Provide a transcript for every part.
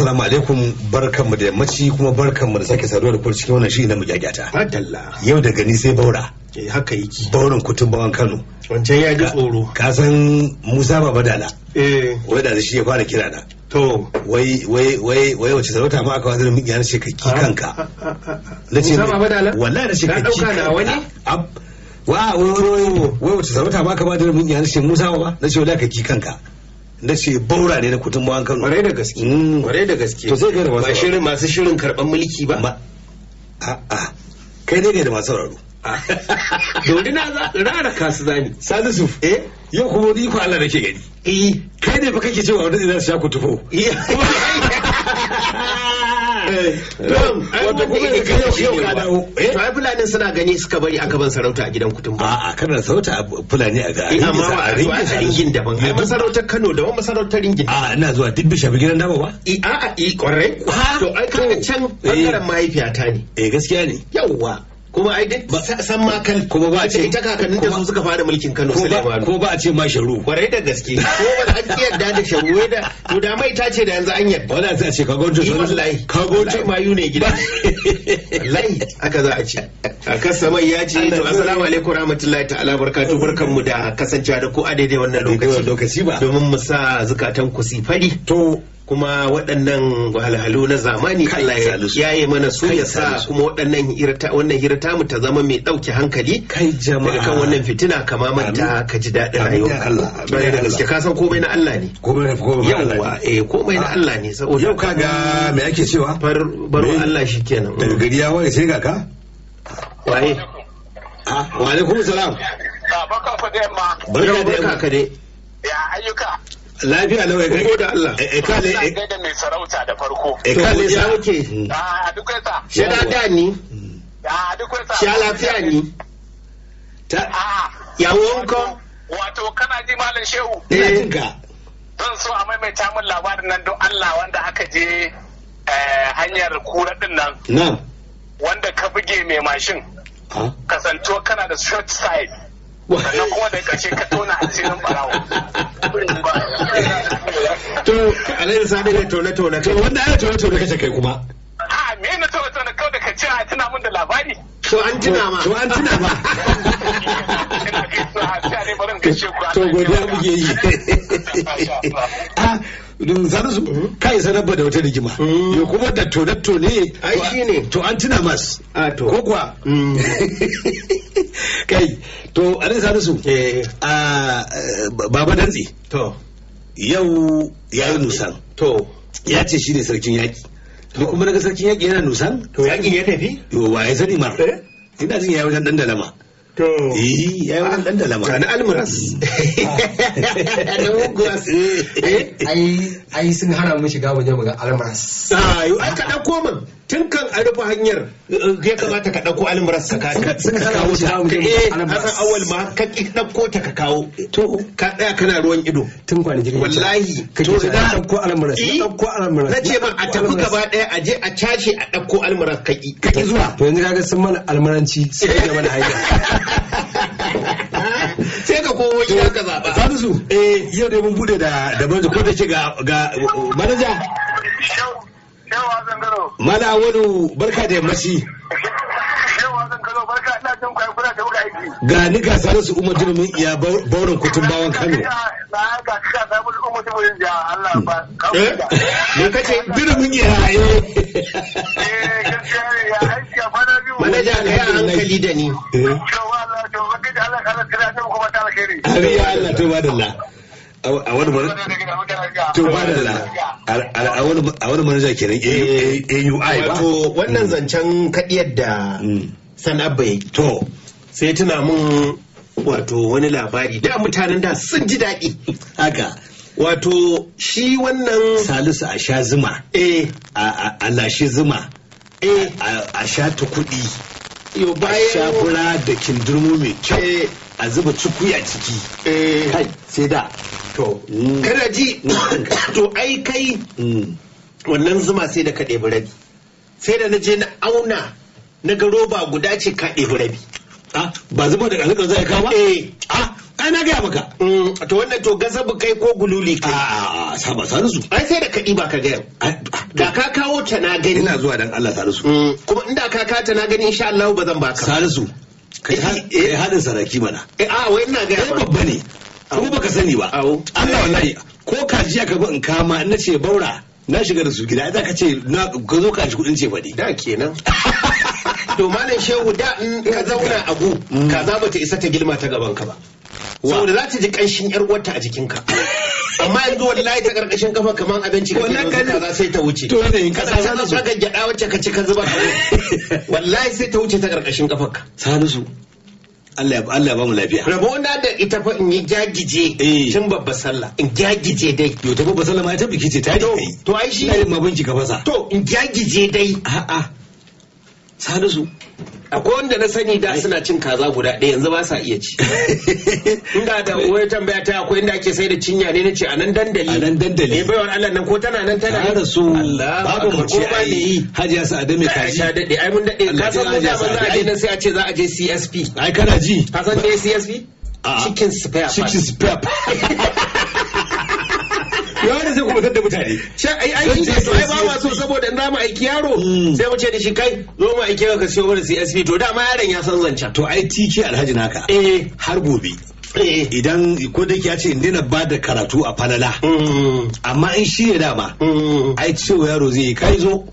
Assalamu alaikum mu da yammaci kuma mu da sake saduwa da kuma cikin wannan shi na mu gyagyata Adalla. Yau da gani sai baura. Eh haka yake. baurin kutun bawan Kano. Wancan ya ji tsoro. Ka san Musa Baba Dala. Eh. Wai da shi ya fara kira na. To. Wai wai wai wai wace sarauta ma aka wazir min yana ce ka ki kanka. Na ce Musa Baba Dala. Wallahi na ce ka ki kanka. Na wani. Wa wai wai wai wace sarauta ma aka wazir min yana ce Musa Baba na ce wallahi ka ki kanka. na ce baura ne na kudin bawan kano kwarai da gaske mm. kwarai da gaske to sai kai da Ba shirin masu shirin karban mulki ba a'a kai ne da masu raro Dodi na rara kasu zani. Salisu. Eh? Yau kuma ni ku Allah nake gani. Eh. Kai ne fa kake cewa wani zai za su sha ku tufo. Eh. Eh, wato kuma ga yau yau ne dawo eh? to ai fulani suna gani suka bari aka ban sarauta a gidan kudin ba a kana sarauta fulani a ga eh, amma a ringin daban ai masarautar Kano daban masarautar ringin a ina zuwa duk bisha gidan dama ba a a i kwarai to ai kaga can bangaren mahaifiyata ne eh gaskiya ne yawwa kuma ai duk san ma kan kuma ba a ce ita kakannin da su suka fara mulkin Kano Sulemanu ko ba a ce ma sharu kwarai da gaske ko ba an ki yadda da sharu wai da to da mai ta ce da yanzu an yadda wala sai a ce kago to wallahi kago to mayu ne gida wallahi aka za a ce a kasa mai ya ce to assalamu alaikum rahmatullahi ta'ala barkatu barkanmu da kasancewa da ku a daidai wannan lokaci lokaci ba domin mu sa zukatan ku sifari to kuma waɗannan wahalhalu na zamani Allah ya yi mana su ya sa kuma waɗannan wannan hira mu ta zama mai ɗauke hankali kai jama'a daga kan wannan fitina kama manta ka ji daɗin rayuwa Allah da gaske ka san komai na Allah ne komai komai Allah yawa eh komai na Allah ne eh, ah, saboda yau kaga me ake cewa far baro Allah shikenan daga gari ya ware sai ga ka waye ah, wa alaikum salam fa da yamma ka da yamma ya ayyuka lafiya lawa ya kai da Allah e eh, eh, kale e eh. da mai sarauta da farko e kale ne sa oke a ah, duk wata shi da da ni ah, a duk wata shi lafiya ni ta ah. ya wonko. wato kana ji malam shehu ina jin ka zan so a maimaita min labarin nan don Allah wanda aka je hanyar kura din nan wanda ka buge mai mashin kasantuwa kana da short side sannan kuma da ƙarshe ka tona asirin barawo to ne to wanda kace kai kuma a me na tone tone kawai da ka a tuna mun da labari to an tuna ma to an tuna ma to godiya muke yi sanusu ka isa rabba da wata rigima mm. ya kuma da tonatto ne to an tuna mas ko kuwa mm. kai to a nan sanusu eh. a eh, baba dantse to yau ya yi nusan to ya ce shi ne sarkin yaki to kuma daga sarkin yaki yana nusan to yakin ya tafi to wa ya sani ma eh? ina jin ya wajen dandalama Eh, ya wani ɗan da lama. Na almuras. Na muguras. Eh. Eh, ai, ai sun hana mu shiga waje mu ga almuras. Ai, ai ka ɗauko min. tun kan a rufe hanyar eh, ya kamata ka ɗauko almuras ka kawo ta ka eh an awal ma ka ɗauko ta ka kawo to ka ɗaya kana ruwan ido tun jirgin wallahi to ta ɗauko almuras ka eh, ɗauko almuras na ce ma a tafi gaba ɗaya a je a cashe a ɗauko almuras ka ki ka ƙi zuwa to yanzu kaga sun mana almaranci sun ga mana hanya sai ka komo gida ka zaɓa salisu eh yau dai mun bude da da manaja ko da ce ga ga manaja Yawa zangaro. Mala barka da yammaci. Yawa barka ina jin kwaye kuna aiki. Ga ni ga sanar su umar jirmin iya bauran kutun bawan Kano. Na ga ka samun umar Allah ba. Ya eh? kace jirmin iya da eh. eh gaskiya ya aiki a bana biyu. Manaja yi eh? da Allah ta kuma ta Allah to a wani manaja da a wani manaja kenan AUI ba wannan zancen kadiyar da mm. Abba ya to sai tuna mun wato wani labari da mutanen da sun ji daɗi haka wato shi wannan salisu a sha zuma eh. a lashe zuma eh. a sha ta kuɗi a sha fura da kindurmo mai kyau eh. a zuba cikuya ciki sai da to kana ji to ai kai mm. wannan zuma sai da ka ɗebi rabi sai da na je na auna na ga roba guda ce ka ɗebi rabi ah, ba zuba da ƙasar zai kawo eh A ah, na gaya maka mm, to wannan to gazabu kai ko gululi kai a ah, saba salisu ai sai da kaɗi ba ka gaya da ka kawo ta na gani ina zuwa dan Allah salisu mm, kuma inda ka kawo ta na gani insha Allah ba zan ba sa salisu kai hadin eh, eh. saraki mana eh a wai ina gaya babba ne ko baka sani ba Allah wallahi ko kaji aka bi in kama na ce baura na shiga da su gida za ka ce na ka zo ka ji kudin ce faɗi da kenan to malam shehu da in ka zauna a gu kaza bata isa ta girma ta gaban ka ba saboda za ta ji kanshin yar uwarta a jikinka amma yanzu wallahi ta karkashin kafa kaman abinci ka wannan ka za sai ta wuce to ne ka san sanu ka gyada wacce ka ci ka zuba wallahi sai ta wuce ta karkashin sanu su Allah ya ba mu lafiya. Rabo na da ita fa in yi jagije. Eh. Tun babba sallah in jagije dai. Yau ta babba sallah ma ta biki ce ta yi. To ai shi. Ina yin mabinci ka fasa. To in jagije dai. A'a. salisu akwai wanda na sani da suna cin kaza guda ɗaya yanzu ba sa iya ci inda da wani tambaya ta akwai inda ake sai da cinya ne na ce a nan dandali a nan dandali ne eh, baiwar Allah nan ko tana nan tana nan rasu Allah babu mace ai hajiya sa adame kaji ya dade ai mun dade ka san mun da ban za a je nan sai a ce za a je CSP ai kana ji ka san CSP chicken spare chicken spare sai kuma fitar da mutane shan ai ai shi to ba so saboda in zamu aiki yaro hmm. sai mu ce da shi kai zo mu aiki ka siyo mana CSV to da ma yaron ya san zance to ai TK alhaji naka eh har gobe eh. idan ko da ya ce in daina ba da karatu a falala hmm. amma in shi ne dama hmm. ai cewa yaro zai yi kai zo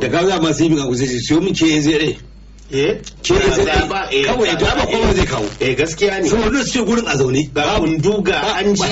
da gaza ma sai bi ka ku sai mu ce zai zai eh ke da sai ba eh kawai ya ba kowa eh. zai kawo eh gaskiya ne saboda su ce gurin a zaune ga kunduga an ji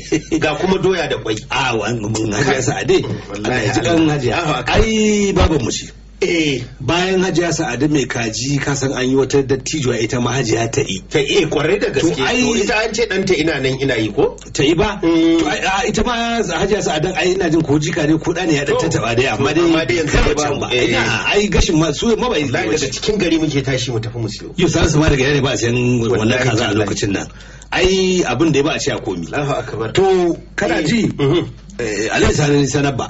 ga kuma doya da kwai a ah, wannan hajiya sa'ade Allah ya ji kan hajiya ai babu mu shi eh bayan hajiya sa'adu mai kaji kasan an yi wata dattijuwa ita ma hajiya ta yi ta yi eh, kwarai da gaske to ita an ce ɗanta ina nan ina yi ko ta yi ba mm. ita ma hajiya Sa'adu ai ina jin ko jika ne ko ɗani ya ɗan ta taɓa dai amma dai amma dai yanzu ba can ba ina eh. ai gashin ma su ma ba yi daga cikin gari muke tashi mu tafi mu siyo yau sa su ma daga yare ba a sayan wannan kaza a lokacin nan ai abin da ya ba a ce a komi to kana eh. ji alai sanar ba.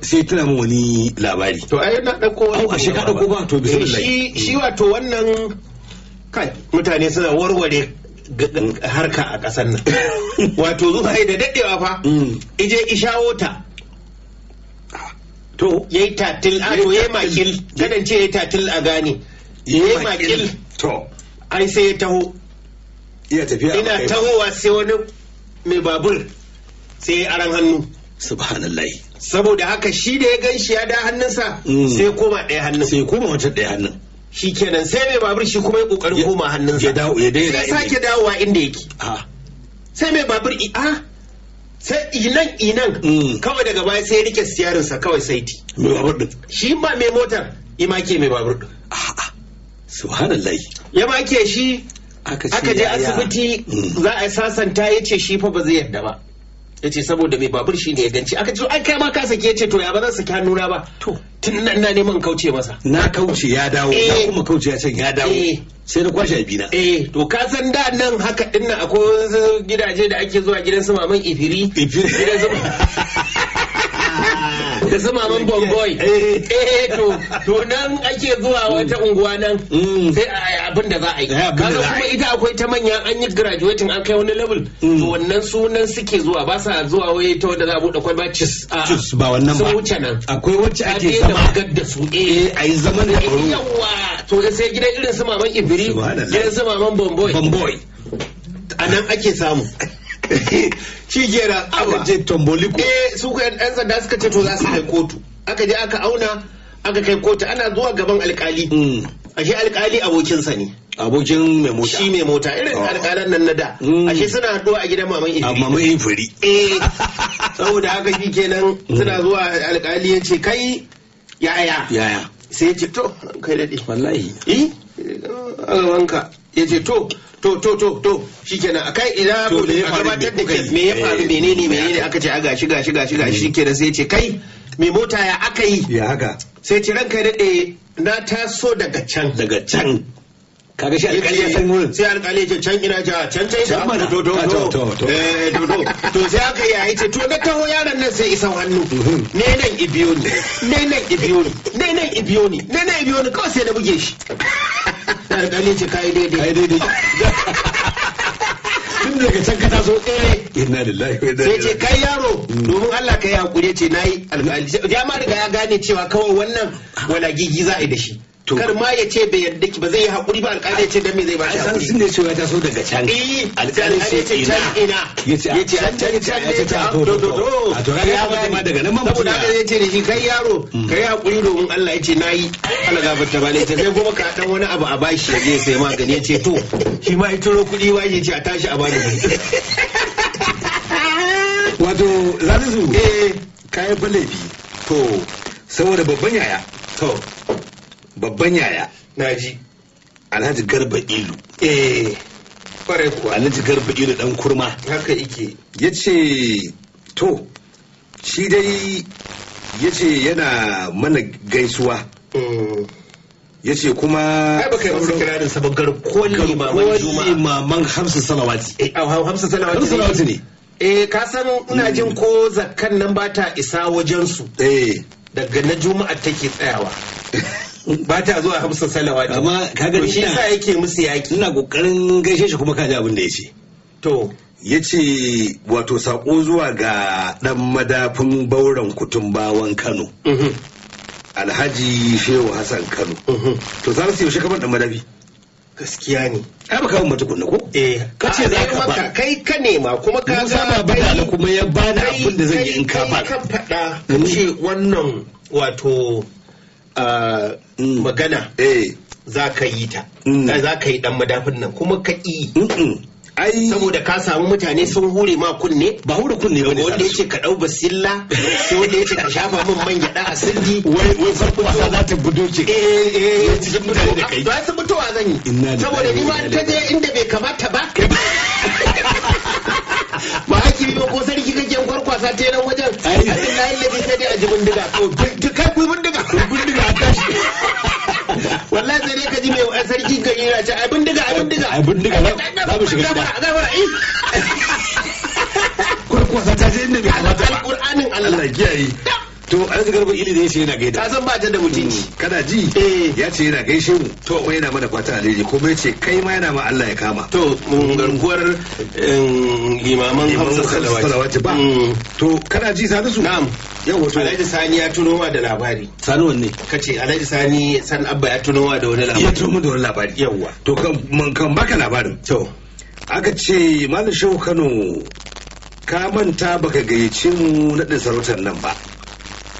sai tuna mu wani labari to ai na dauko wani a shi ka dauko ba to eh, bismillah shi mm. shi wato wannan kai mutane suna warware harka a kasar nan wato zuwa da dadewa fa mm. ije ishawo ta to yayi tatil a to yayi makil gadan ce yayi tatil a gane yayi makil to ai sai ya taho iya tafiya ina tahowa sai wani mai babur sai aran hannu subhanallah saboda haka shi da ya shi ya da hannunsa mm. sai koma ɗaya hannun sai koma wata ɗaya hannun shi kenan sai mai babur shi kuma ya kokarin koma hannunsa ya dawo ya dawo sai sake dawowa inda yake ah. sai mai babur i a ah, sai inan inan mm. kawai daga baya sai ya rike siyarin sa kawai saiti mai babur din shi ba mai motar ima ke mai babur din a ah, subhanallah ya ba ke shi aka je asibiti mm. za a sasanta ya ce shi fa ba zai yarda ba ya ce saboda mai babur shi ne ya ganci aka ce an kai ma kasa ke ya ce to ya ba zan saki hannuna ba to tun nan na neman kauce masa na kauce ya dawo na eh. kuma kauce ya ce ya dawo eh. sai na kwashe na eh to ka san da nan haka dinnan akwai gidaje da ake zuwa gidan su maman ifiri ifiri gidan su da su maman bongoy eh, eh, eh. eh to to nan ake zuwa wata unguwa nan mm. sai abin da za a yi kaga kuma ita akwai ta manya an yi graduating an kai wani level mm. to wannan sunan suke zuwa ba sa zuwa waye ta wanda za a buɗe kwalba cis cis ba wannan ba wuce nan akwai wacce ake zama gadda su eh ayi zaman da yawa to sai gidan irin su maman ibiri gidan su maman bomboy bomboy a nan ake samu cijera kenan aka je tomboliko eh su yan sanda suka ce to za su kai kotu aka je aka auna aka kai kotu ana zuwa gaban alkali hmm. ashe alkali abokinsa ne abokin mai mota shi mai mota irin oh. alkalan nan na da hmm. ashe suna haɗuwa a gidan maman ifiri maman ifiri eh saboda haka shi kenan hmm. suna zuwa alkali ya ce kai yaya yaya sai ya ce to kai daɗe wallahi eh a gabanka ya ce to to to to to shikenan akai ina ko da faru da kai me ya faru eh, menene menene aka ce aga shiga shiga shiga gashi mm. shikenan sai ya ce kai me mota ya aka yi ya haka sai ce ranka daɗe na taso daga can daga can kaga shi alƙali ya san wurin sai alƙali ya ce can ina ja can can ina mana to to to eh, to to to sai aka yi ya ce to ga taho yaron nan sai isan hannu mhm. ne nan ibiyo ne ne nan ibiyo ne ne nan ibiyo ne ne nan ibiyo ne kawai sai na buge shi alƙali ya ce kai daidai kai daidai tun daga can ka taso tsere eh. inna lillahi wa inna ilaihi sai ce kai yaro domin Allah ka yi hakuri ce nayi alƙali ya ma riga ya gane cewa kawai wannan wala gigi za a yi da shi kar ma ya ce bai yarda ki ba zai yi hakuri ba alƙali ya ce dan me zai ba shi hakuri sun ne cewa ta so daga can eh, alƙali ya ce ina ya ce an can can ce ta to to to a to ya ba ma daga nan ma saboda ya ce ni kai yaro mm. kai hakuri domin Allah ya ce nayi Allah gafarta ba ne ta sai kuma ka dan wani abu a bashi ya je sai magani ya ce to shi ma ya turo kuɗi wa ya ce a tashi a bani wato zalisu eh kai ba laifi to saboda babban yaya to babban yaya Na ji. alhaji garba ilu eh kwarai kuwa alhaji garba ilu dan kurma haka ike ya ce to shi dai ya ce yana mana gaisuwa mm. ya ce kuma kai wasu kirarin sabon garkuwar limaman juma'a limaman hamsin salawati eh hamsin salawati salawati ne eh ka san ina mm. jin ko zakkan nan ba ta isa wajensu eh daga na juma'a take tsayawa ba ta zuwa hamsa salawati amma kaga shi yasa yake musu yaki ina kokarin gaishe shi kuma kaji abin da yace to yace wato sako zuwa ga dan madafin bauran kutumbawan Kano mhm. Alhaji Shehu Hassan Kano mhm. to za su yaushe kamar dan madafi gaskiya ne ai baka mun mata kunna ko eh ka ce za ka ba kai ka nema kuma ka ga ba da kuma ya bani abin da zan yi in ka ba ka faɗa ka ce wannan wato Mm. magana eh. za ka yi ta mm. za ka yi dan madafin nan kuma ka yi. ai saboda ka samu mutane sun hure ma kunne ba hure kunne ba ne wanda ce ka dau basilla sai wanda ce ka shafa min man gyada a sirri wai wai farko wasa za ta budo ce eh eh, eh. cikin mutane da kai ba su mutuwa zan yi saboda ni ma ta je inda bai kamata ba ba haki ba ko sarki kake kwarkwasa ta nan wajen ai Allah ya sai dai a jibin diga to kai ku mun diga wallahi sai dai ka ji mai sarki gari na ce ai bindiga ai bindiga ai bindiga za mu shiga gaba gaba kurkusa ta je inda bai halatta ba alƙur'anin Allah kiyaye to alhaji garba ili da ya ce yana gaida san ba ta da mutunci mm. kada ji eh. ya ce yana gaishe mu to kuma yana mana fata alheri kuma ya ce kai ma yana ma Allah ya kama to mm. garkuwar imaman hamsa salawati ba mm. to kana ji sa su na'am yau wato alhaji sani ya tuno ma da labari sani wanne kace alhaji sani san abba ya tuno ma da wani labari ya tuno da wani labari yawwa to kan baka labarin to aka ce malam shehu kano ka manta baka gayyace mu naɗin sarautar nan ba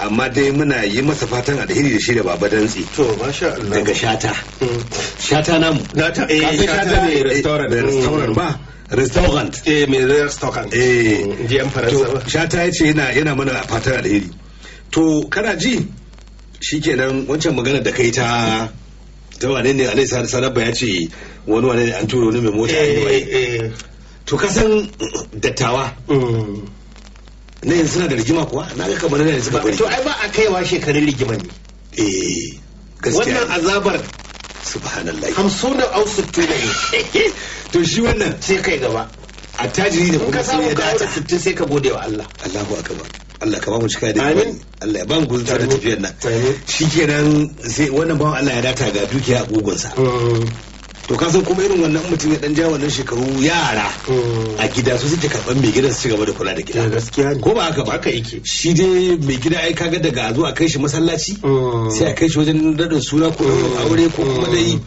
amma dai muna yi masa fatan alheri da shi da baba dantsi to masha Allah daga shata hmm. shata namu ta eh shata ne restaurant eh, restaurant ba hmm. restaurant eh mai restaurant eh hmm, an faransa ba shata yace yana yana mana fatan alheri to kana ji shikenan wancan magana da kai ta ta wane ne alai sarabba ya ce wani wane ne an turo ne mai mota eh, eh. to kasan dattawa na yanzu suna da rigima kuwa na ga kamar na suka bari to ai ba a kaiwa shekarun rigiman ne eh gaskiya wannan azabar subhanallah hamsuna au sittuna ne to shi wannan sai kai gaba a tajiri da kuma sai ya dace sittin sai ka gode wa Allah Allahu akbar Allah ka ba mu cika da amin Allah ya ba mu gudunar da tafiyar nan shikenan sai wannan bawan Allah ya data ga dukiya a gogonsa mm-hmm. to ka kuma irin wannan mutum ya dan ja wannan shekaru yara mm. a gida su suke karban mai gidan su ci gaba da kula da gida eh, gaskiya ko ba haka ba haka yake shi dai mai gida ai kaga daga a kai shi masallaci mm. sai a kai shi wajen dadin suna ko mm. aure ko kuma dai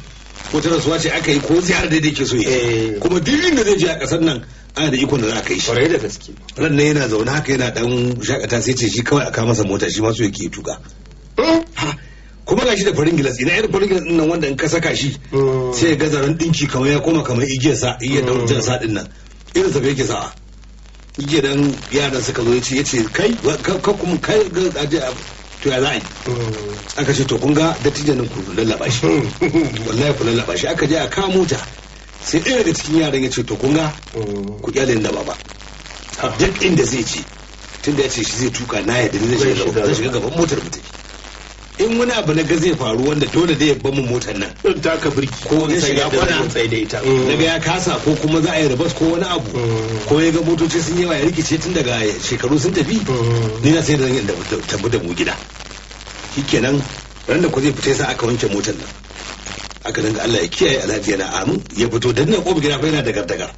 wata rasuwa ce aka yi ko ziyara da ke so yi eh. kuma duk da zai je a kasar nan ana da ikon da za a kai shi kwarai da gaske ran nan yana zaune haka yana dan shakata sai ce shi kawai a kama masa mota shi ma so yake tuka saka shi da farin gilas ina irin farin gilas nan wanda in ka saka shi mm. sai ga zaren dinki kamar ya koma kamar igiyar sa iya da wajen sa din nan irin sa yake sa'a igiyar dan yaran suka zo yace yace kai ka kuma kai ga aje to ya za a yi mm. aka ce to kun ga dattijan nan ku lallaba shi mm. wallahi ku lallaba shi aka je a kawo mota sai ɗaya daga cikin yaran ya ce to kun ga ku kyale da baba duk inda zai ce tunda ya ce shi zai tuka na yadda ne zai shiga gaban motar mutum in wani abu na ga zai faru wanda dole da yabba mu motar nan ta taka birki ko in shiga kwana tsaye da ita daga mm. ya kasa ko kuma za a yi rabas ko wani abu mm. ko ya ga motoci sun yawa ya rikice tun daga shekaru sun tafi mm. ni na sai da zan tabu da mu gida shikenan ran da ku zai fita sai aka wanke motar nan aka dinga Allah ya kiyaye alhaji yana amu ya fito dan nan kofar gida fa yana dagar dagar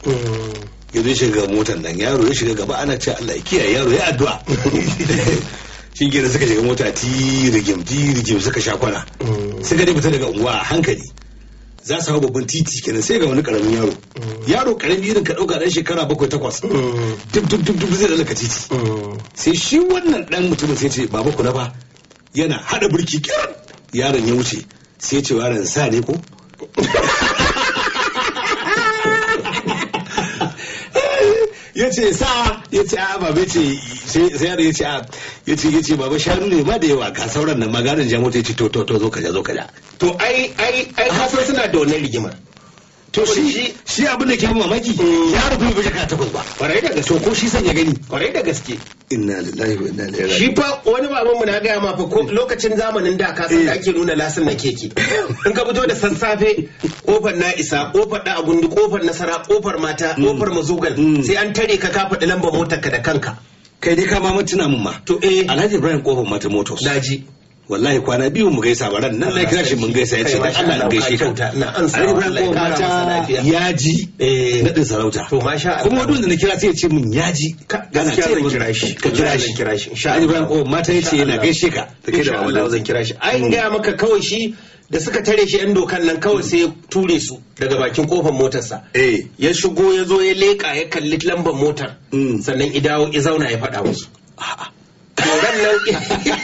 yanzu shiga motar nan yaro ya shiga gaba ana ce Allah ya kiyaye yaro ya addu'a shi gina suka shiga mota tirigim tirigim suka sha kwana suka dai fita daga unguwa a hankali za su hau babban titi kenan sai ga wani karamin yaro yaro karami irin ka dauka dan shekara bakwai takwas duk duk duk duk zai laka titi sai shi wannan dan mutumin sai ce baba kula ba yana hada burki kiran yaron ya wuce sai ce yaron sa ne ko ya ce sa ya ce a ah, baba ce sai yaro ya ce a ah, ya ce ya ce babu shanu ne ma da yawa ka sauran nan maganin jamus ya ce to to to zo kaja zo kaja to ai ai ai hasar suna da wannan rigimar to shi shi abin da ke yi mamaki eh. ya rufe bai jaka takwas ba kwarai da gaske ko shi sanya gani kwarai da gaske inna lillahi wa inna ilaihi shi fa wani baban mu na gaya ma fa eh. lokacin zamanin da ka san da eh. ake nuna lasin na keke in ka fito da sassafe kofar na isa kofar da agundi kofar nasara kofar mata kofar hmm. mazugal hmm. sai an tare ka ka faɗi lambar ka da kanka kai dai ka ma mutuna mun ma to eh alhaji ibrahim kofar mata Motos. daji wallahi kwana biyu mu gaisa ba ran nan na kira shi mun gaisa ya ce dan Allah in gaishe ka Alhaji Ibrahim ko mata ya eh nadin sarauta to masha Allah kuma wanda na kira sai ya ce mun yaji. ga na ce mun kira shi ka kira shi kira shi Allah Ibrahim oh, ko mata ya ce yana gaishe ka take da wallahi zan kira shi ai mm. ga maka kawai shi da suka tare shi 'yan dokan nan kawai sai ya ture su daga bakin kofar motarsa eh. ya shigo ya zo ya leka ya kalli lambar motar mm. sannan idawo ya zauna ya faɗa musu nan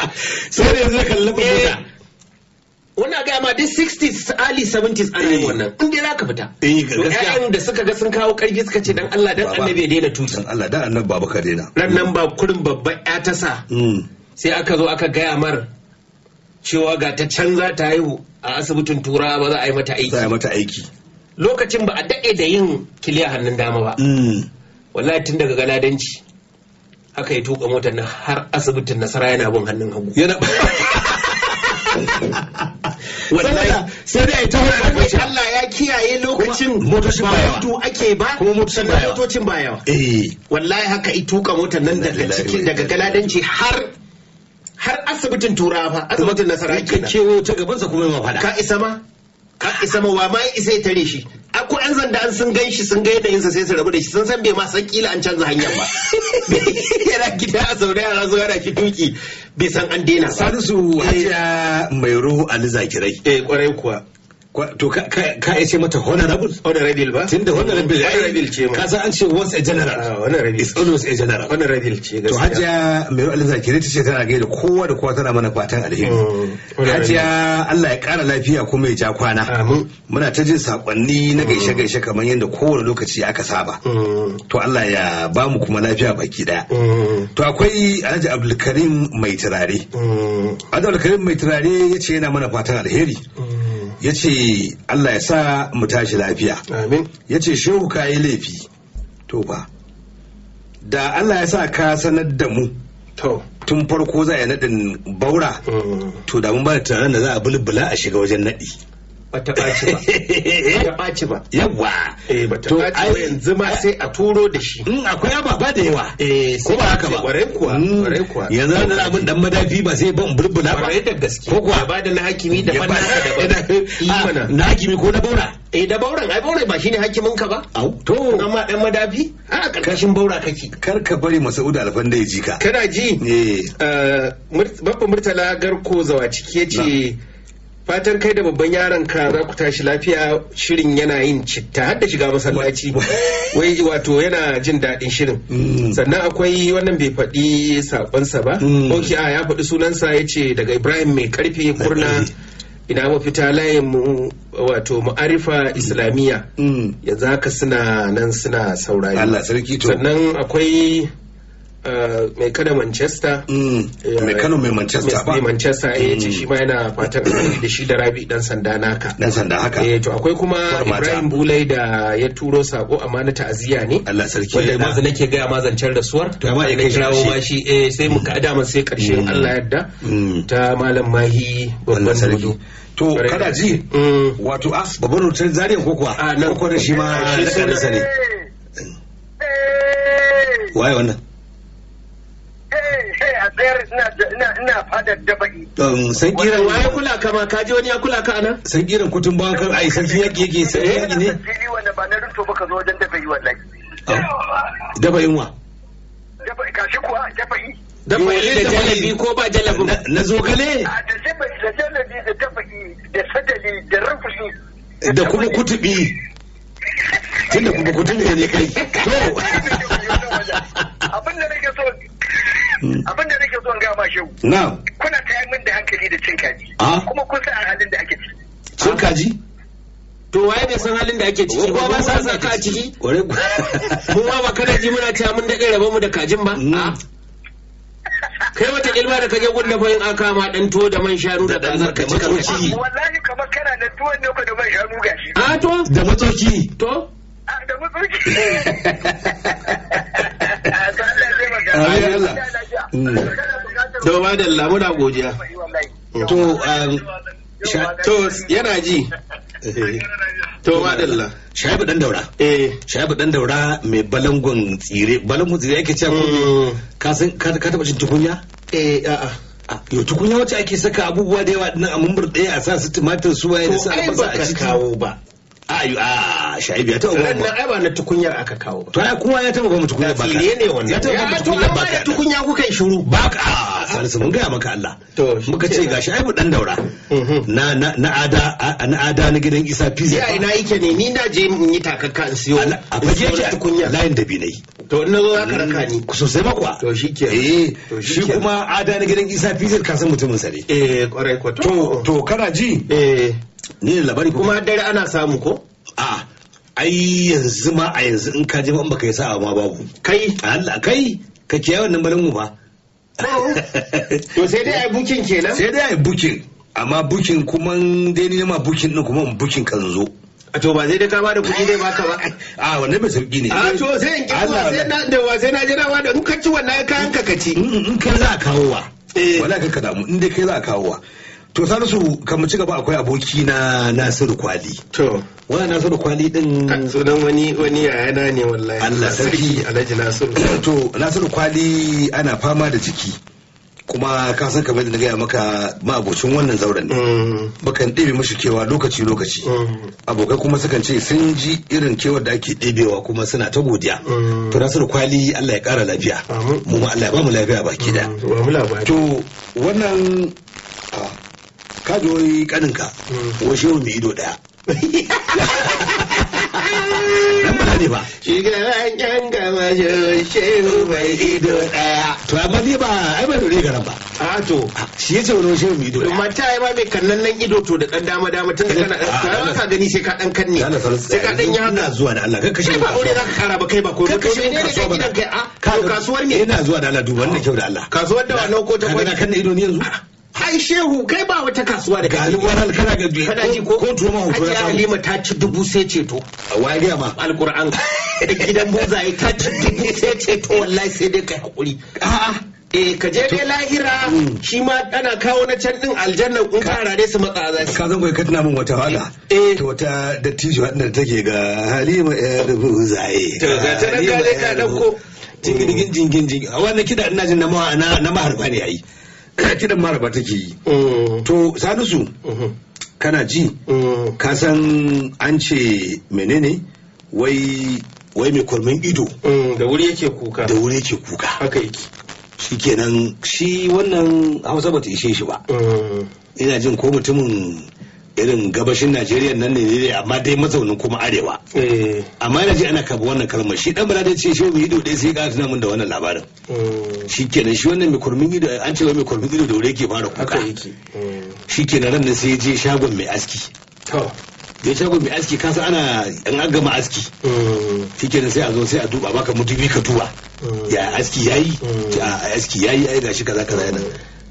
sai da yanzu kalli fita eh, wannan ga ma dai 60s early 70s ana yin eh. wannan in dai ka fita eh gaskiya da suka ga sun kawo karfi suka ce dan Allah dan annabi ya daina tuti dan Allah dan annabi baba ka daina dan nan mm. ba kurin babban ya ta sa mm. sai aka zo aka gaya mar cewa ga ta canza ta haihu a asibitin turawa ba za a yi mata aiki za a yi mata aiki lokacin ba a daɗe da yin kiliya hannun dama ba mm. wallahi tun daga galadanci aka yi tuka motar na har asibitin nasara yana bin hannun hagu yana wallahi sai dai ta wani Allah ya kiyaye lokacin motocin ba yawa ake ba kuma motocin bayawa. yawa motocin ba yawa eh wallahi haka i tuka motar nan daga cikin daga galadanci har har asibitin turawa asibitin nasara kenan kewo ta gaban sa kuma ma fada ka isa ma ka isa ma wa ma isa ya tare shi ko yan zanda an sun gan shi sun ga yanayinsa sai su rabu da shi sun san bai ma san kila an canza hanyar ba yana gida a zaune yara zo da shi duki bai san an daina ba salisu eh. hajiya mai ruhu alizakirai eh kwarai kuwa to ka ya ce mata honorable honorable ba tunda honorable eh, honorable ce ma kaza an ce once a general ah, honorable is always a general honorable ce to hajiya mai ruwa zakire ta ce tana gaida kowa da kowa tana mana fatan alheri mm, hajiya Allah ya kara lafiya kuma ya ja kwana muna ta jin sakonni na gaishe gaishe kamar yadda kowane lokaci aka saba mm. to Allah ya ba mu kuma lafiya baki daya mm. to akwai Alhaji Abdulkarim mai turare Alhaji Abdulkarim mai turare ya ce yana mana fatan alheri ya ce Allah ya sa mu tashi lafiya ya ce shehu ka yi laifi to ba da Allah ya sa ka sanar da mu To. tun farko za a naɗin baura mm. to da mun ba da tunanin da za a bulbula a shiga wajen naɗi bata ɓaci ba bata ɓaci ba yawa eh bata ɓaci ba yanzu ma sai a turo da shi in mm, akwai ababa da yawa eh ko ba haka ba kwarai kuwa kwarai mm, kuwa yanzu nan abin dan madafi ba sai ban burbula ba kwarai da gaske ko kuwa ba da na hakimi da ban naka da ban ah, na hakimi ko na baura eh da bauran ai bauran ba shine hakimin ka ba au to amma dan madafi a karkashin baura kake kar ka bari masaudu alfanda ya ji ka kana ji eh, eh babban murtala garko zawa ciki yace fatan kai da babban yaron ka za ku tashi lafiya shirin yana yin citta har da shiga masallaci wai wato yana jin daɗin shirin mm. sannan akwai wannan bai faɗi sakonsa ba mm. oki a ya faɗi sunansa ya ce daga ibrahim mai karfe kurna ina mafita layin mu wato ma'arifa islamiyya mm. yanzu haka suna nan suna saurari sannan akwai Eh, mai kada manchester mm. eh, mai kano mai manchester ba mai manchester eh, ya ce mm. shi ma yana fatan da shi da rabi dan sanda naka dan sanda haka eh to akwai kuma ibrahim bulai da ya turo sako amma na ta'aziyya ne Allah sarki wanda yanzu nake ga ma zancen rasuwar to amma ya kai rawo ma shi eh sai mu ka adama sai karshe mm. Allah yarda ta malam mahi babban sarki to kada ji wato as babban hotel zariya ko kuwa ko kuwa shi ma shi sane sane wai wannan tsayar ina fadar daba'i. san kira wa ya kula ka ma kaji wani ya kula ka anan san kira kutun ba kan ai sarki yake yake eh, sai yake ne fili wanda ba na rinto ba ka zo wajen daba'i wallahi ah. daba'in wa daba'i kashi kuwa daba'i daba'i da jalabi ko ba jalabin na zogale ah, da jalabi da jalabi da daba'i da sadali da rufushi da kuma kutubi tunda kuma kutubi ne kai to abin da nake so Hmm. abin da nake so in ma shehu kuna tayar min da hankali da cin kaji ah. kuma kun san halin da ake ciki cin kaji To waye bai san halin da ake ciki ba ba sa saka a ciki? Mu ma ba kada ji muna cewa mun daɗe rabon mu da kajin ba? Hmm. Ah. Kai wata ilma da kaje gudda fa yin aka ma dan tuwo da man shanu da dan zarkaci kan kaci. Wallahi kamar kana da tuwon ne ko da man shanu gashi. A ah, to? Da matsoki. To? Da matsoki. Amin Allah. Mm. To ba da Allah muna godiya. To um, to yana ji. Eh. To ma dalla. Shaibu dan daura. Eh. Shaibu dan daura mai balangon tsire. Balangon tsire yake cewa mm. ka san ka taba cin tukunya? Eh a'a. yau tukunya wacce ake saka abubuwa da yawa din a mumbur ɗaya a sa su tumatir su waye da sa albasa a ciki kawo ba ayu a ah, shaibi ya taɓa ba wannan ai ba na tukunyar aka kawo ba to ai kuma ya taɓa ba mu tukunyar baka ne ne wannan ya taba ba tukunyar baka da tukunya kuka yi shiru baka ka ah, salisu mun ga maka Allah to muka ce gashi ai mu dan daura mhm. na na na ada na ada na gidan Isa Pizza ya ina yake ne ni na je mun yi takakka in siyo Akwai fage yake tukunya layin da bi nayi to in zo za ka raka ni mm, sosai makwa to shike eh shi kuma ada na gidan Isa Pizza ka san mutumin sa ne eh kwarai ko to to kana ji eh ni da labari kuma dare ana samu ko a ai yanzu ma a yanzu in ka je ba ka yi sa'a ma babu kai Allah kai ka yawan nan balin mu ba to sai dai ai bukin kenan sai dai ai bukin amma bukin kuma dai ne ma bukin din kuma bukin kan zo a to ba zai dai ka ba da kuɗi dai ka ba a wannan bai sauki ne a to sai in kiwa sai na da wa sai na jira wa da in ka ci wannan kayan ka ka ci in kai za a kawo wa eh. wala ka ka damu in dai kai za a kawo wa to salisu su kamar ci gaba akwai aboki na nasiru kwali to wani nasiru kwali din sunan wani wani yayana ne wallahi Allah sarki alhaji nasiru to nasiru kwali ana fama da jiki kuma ka san kamar da na gaya maka ma abocin wannan zauren ne bakan mm. ɗebe mashi kewa lokaci lokaci mm. abokai kuma sukan ce sun ji irin kewar da ake ɗebewa kuma suna ta godiya mm. to nasiru kwali Allah ya ƙara lafiya mu ma Allah ya ba mu lafiya baki da to wannan ka ji wai kaninka wa shehu mai ido daya dan ba ne ba shugaban yan gama shehu mai ido daya to amma dai ba ai ba dole garan ba a to ah, shi yace wani shehu mai ido daya mata ai ma mai kannan nan ido to da dan dama dama tunda kana kana ah, ka gani sai ka dan kanne sai ka dan ya na zuwa da Allah kai kashe ba aure zaka kara ba kai ba ko kai kashe ne da gidan kai a kasuwar ne ina zuwa da Allah duba wannan kyau da Allah kasuwar da wa ko ta kai kanne ido ne yanzu ah, ai shehu kai ba wata kasuwa da kai alƙur'an kana ga biyu kana ji ko ko ma hoto ya Halima ta ci dubu sai ceto wa ga ma alƙur'an gidan buzaye ta ci dubu sai ceto wallahi sai dai kai hakuri eh ka je dai lahira mm. shi ma kana kawo na can din aljanna kun karare su matsa za ka zan ka tana min wata wala eh to wata dattijo wadda take ga Halima ya rubu zai to ga ta nan ka dauko jingin jingin jingin wannan kida ina jin na na harfa ne yayi kiɗan maraba take yi mm. to salisu mm-hmm. kana ji mm. ka san an ce menene wai wai mai kurmin ido mm, da wuri yake kuka da wuri yake kuka haka yake shi kenan shi wannan hausa bata ishe shi ba ina jin ko mutumin irin gabashin najeriya nan ne amma dai mazaunin kuma arewa eh. amma yana ji ana kafa wannan kalmar shi dan bala da ce shi mu ido dai sai ka tuna min da wannan labarin hmm. shi kenan shi wannan mai kurmin ido an ce mai kurmin ido da wuri yake fara kuka hmm. shi kenan ran nan sai je shagon mai aski da shago mai aski kasa ana in an gama aski hmm. shikenan sai a zo sai a duba baka mutubi ka duba ya aski yayi a aski yayi ai gashi kaza kaza yana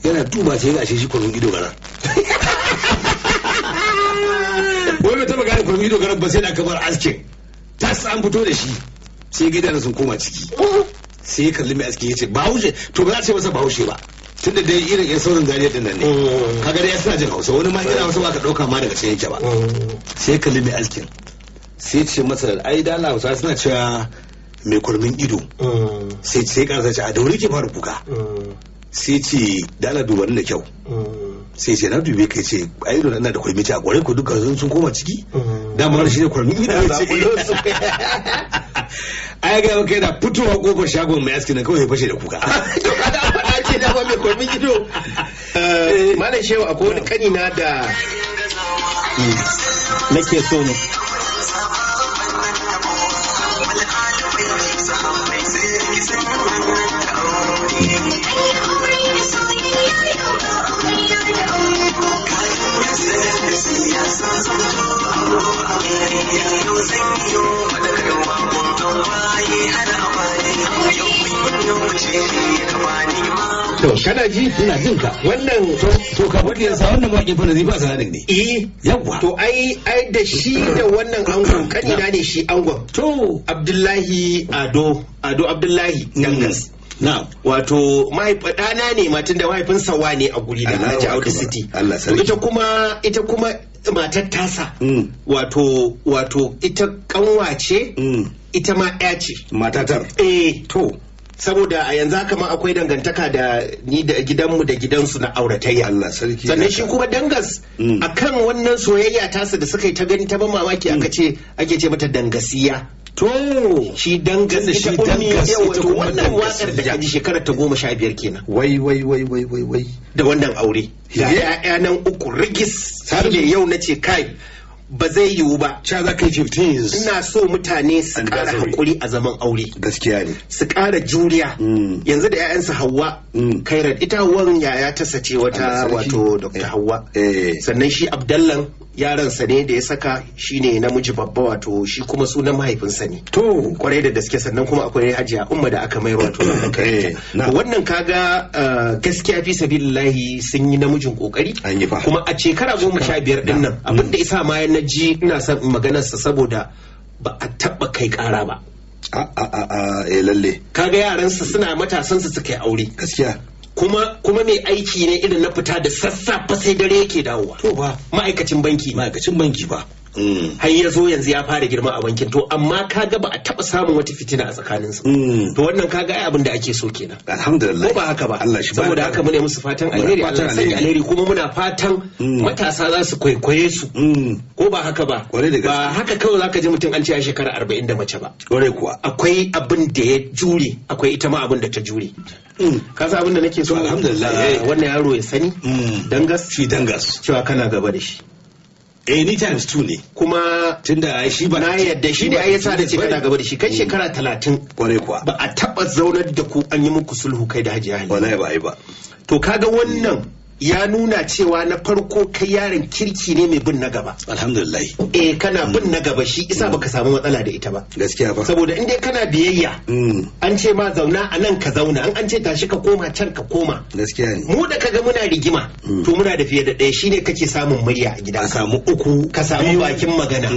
yana duba sai gashi shi kurmin ido gara domin ido dogara ba sai da aka bar askin tas an fito da shi sai gidan sun koma ciki sai ya kalli mai askin ya ce ba haushe to ba za a ce masa ba haushe ba tun da dai irin yan saurin zariyar yadda nan ne mm. kaga dai suna jin hausa wani ma ina wasu ba ka dauka ma daga can yake ba mm. sai kalli mai askin sai ce masa ai da Allah hausa suna cewa mai kurmin ido mm. sai sai karasa ce a daure ke fara kuka sai ce da Allah dubarin da kyau sai sai na dube kai ce ai dole ina da kwamiti a gore ku duka sun sun koma ciki damar shi ne kwamiti da za ku su ai ga maka yana fitowa kofar shagon mai aski na kawai fashe da kuka a ce dama mai kwamiti do eh, malam shehu akwai wani eh. kanina da nake so ne kana ji ina jin ka wannan to ka bari ya sa wannan mawaƙin fa nazifa sanadik ne eh yawa to ai ai da shi da wannan angon ina ne shi angon to abdullahi ado ado abdullahi dangas na wato ɗana ne matun da mahaifinsa wa ne a guri na Alhaji Audu City ita kuma ita kuma matar tasa mm. wato wato ita kanwa ce mm. ita ma ya ce matatar eh to saboda a yanzu kama akwai dangantaka da ni da gidanmu da gidansu na auratayya Allah sarki sannan shi kuma dangas mm. akan wannan soyayya tasa da suka yi ta gani ta ban mamaki aka ce ake ce mata dangasiya to shi dangas shi dangas ita kuma wannan wakar da kaji shekarar ta goma sha biyar kenan wai wai wai wai wai wai da wannan aure da ya'ya nan uku rigis sai yau na ce kai ba zai yiwu ba. Cha za ka yi 15 Ina so mutane su ƙara hakuri a zaman aure. Gaskiya ne. Su ƙara juriya. Mm. Yanzu da 'ya'yansu Hauwa. Mm. Kairat ita Hauwan yaya ta sace wata wato Dr. Hauwa. Eh, eh. Sannan shi Abdallan sa ne da ya saka shi ne namiji babba wato shi kuma sunan mahaifinsa ne to kwarai da gaske sannan kuma akwai hajiya umma da aka mai wato wannan kaga eh, eh, gaskiya fi sabilillahi sun yi namijin kokari kuma a shekara goma sha biyar din nan abin da isa mm. ma na ji ina son maganarsa saboda ba a taba kai kara ba a a a eh, lalle kaga yaransa suna matasansa suka yi aure gaskiya kuma kuma mai aiki ne irin na fita da sassafe sai dare yake dawowa to ba ma'aikacin banki ma'aikacin banki ba Mm. har ya zo yanzu ya fara girma a bankin to amma ga ba a taba samun wata fitina a tsakanin su mm. to wannan ka ga abin da ake so kenan alhamdulillah ko ba haka ba Allah shi saboda haka mune musu fatan alheri Allah sanya alheri kuma muna fatan mm. matasa za su kwaikwaye su ko ba haka ba ba haka kawai zaka ji mutum an ce a shekara 40 da mace ba kwarai kuwa akwai abin da ya jure akwai ita ma abin da ta jure ka san abin da nake so alhamdulillah eh, wannan yaro ya sani dangas shi dangas cewa kana gaba da shi eh ni times two ne kuma tunda shi ba na yadda shi ne ai yasa da cika gaba da shi kai mm. shekara talatin kwarai kuwa ba a taba zaunar da ku an yi muku sulhu kai da hajiya wallahi ba ai ba to kaga wannan ya nuna cewa na farko kai yaron kirki ne mai bin na gaba alhamdulillah eh kana bin mm. na gaba shi isa mm. baka samu matsala da ita ba gaskiya ba saboda in dai kana biyayya mm. an ce ma zauna a nan ka zauna an ce tashi ka koma can ka koma gaskiya ne mu da kaga muna rigima to muna da fiye da ɗaya shine kake samun murya a gida ka samu uku ka samu bakin magana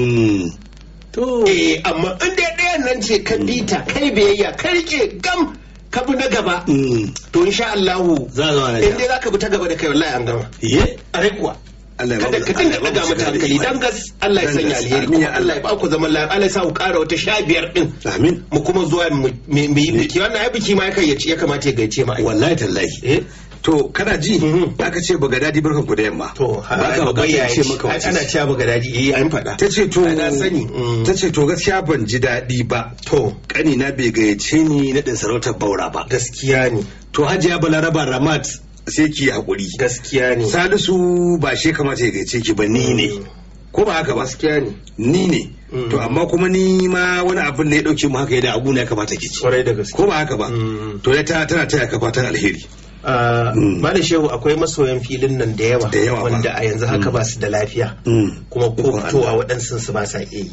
To. Eh, amma in dai ɗayan nan ce ka bita, kai biyayya, ka rike gam ka na gaba mm. to insha Allahu in dai zaka bi ta gaba da kai wallahi an gama ye are kuwa kada ka dinga daga mata hankali dan gas Allah ya sanya alheri kuma Allah ya ba ku zaman lafiya Allah ya sa ku ƙara wata sha biyar din amin mu kuma zuwa mu yi biki wannan ai biki ma ya ya kamata ya gaice ma wallahi tallahi eh? to kana ji mhm. aka ce baga dadi barkan ku da yamma to ba ya ce maka wace ana cewa baga dadi eh an faɗa ce to na sani mm. Ta ce to gaskiya ban ji dadi ba to kani na bai gayyace ni na din sarautar baura ba gaskiya ne to hajiya balaraba ramat sai ki hakuri gaskiya ne salisu ba shi kamata ya gayyace ki ba ni ne mm. ko ba haka ba gaskiya ne ni ne mm. to amma kuma ni ma wani abin da ya dauke mu haka yadda abu ne ya kamata ki ci gaske ko ba haka ba to ya ta tana taya ka alheri Malam Shehu akwai masoyan filin nan da yawa wanda a yanzu haka mm. ba su da lafiya mm. kuma ko fitowa waɗansu su ba sa iya yi.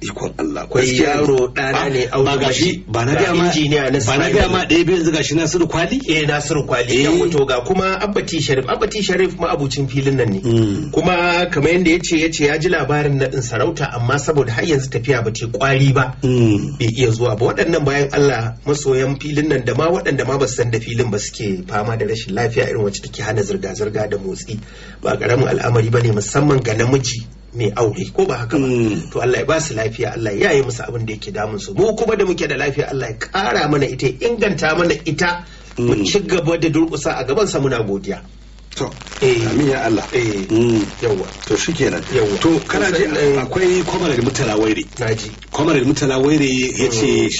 ikon Allah akwai yaro ɗana ne aure ba ba na ga injiniya na ba na ga ma ɗaya biyu zuga shi Nasiru Kwali eh Nasiru Kwali eh. ya wato ga kuma Abbati Sharif Abbati Sharif ma abucin filin nan ne mm. kuma kamar yadda yace yace ya ji labarin na din sarauta amma saboda har yanzu tafiya ba ce kwari ba mm. bai iya zuwa ba waɗannan bayan Allah masoyan filin nan da ma waɗanda ma ba su san da filin ba suke fama da rashin lafiya irin wacce take hana zirga zirga da motsi ba karamin al'amari bane musamman ga namiji mai aure ko ba haka ba mm. to Allah ya ba su lafiya Allah ya yi musu abin da yake damun su mu kuma da muke da lafiya Allah ya kara mana ita inganta mana ita mu mm. ci gaba da durƙusa a gaban sa muna godiya to eh. amin ya Allah eh. mm. yawa to shikenan yawa to kana eh, ji akwai da mutala waire naji da mutala waire yace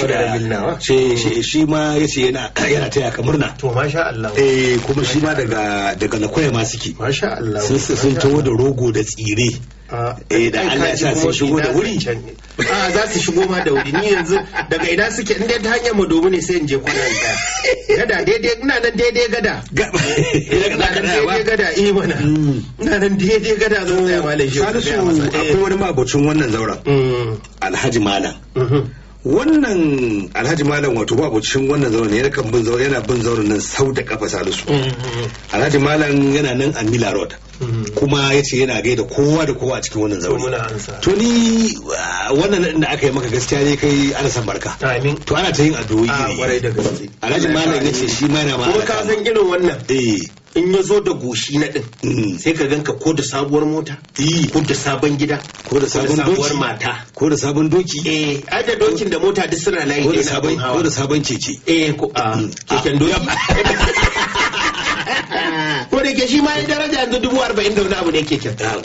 shi shi ma yace yana yana taya ka murna to masha Allah eh kuma shi ma daga daga lakwaya ma suke masha Allah sun sun tawo da rogo da tsire eh da Allah ya sa sun shigo da wuri a ah, za su shigo ma da wuri ni yanzu daga ina suke inda ta hanyar mu domin ne sai in je kuna gada daidai ina nan daidai gada ina nan daidai gada eh mana ina nan daidai gada zo tsaya malam shi akwai wani mabocin wannan zauren mm. alhaji malam mm-hmm. wannan alhaji malam wato ba abucin wannan zaune ne kan bin zaune yana bin zaune nan sau da kafa salisu mm, mm, mm. alhaji malam yana nan a mila road kuma ya ce yana gaida kowa da kowa a cikin wannan zaune to ni ah, wannan da aka yi maka gaskiya ne kai ana san barka to ana ta yin addu'o'i ne ah, alhaji malam ya ce shi ma yana ma kuma ka san irin wannan eh in ya zo da goshi na din hmm. sai ka ganka ko da sabuwar mota eh. ko da sabon gida ko da sabuwar mata ko da sabon doki eh ai da dokin da mota duk suna layi ko da sabon ko da sabon cece eh ko ah, hmm. keken doki ah. ko da ke shi ma daraja yanzu dubu arba'in da wani abu ne ke kyauta ah,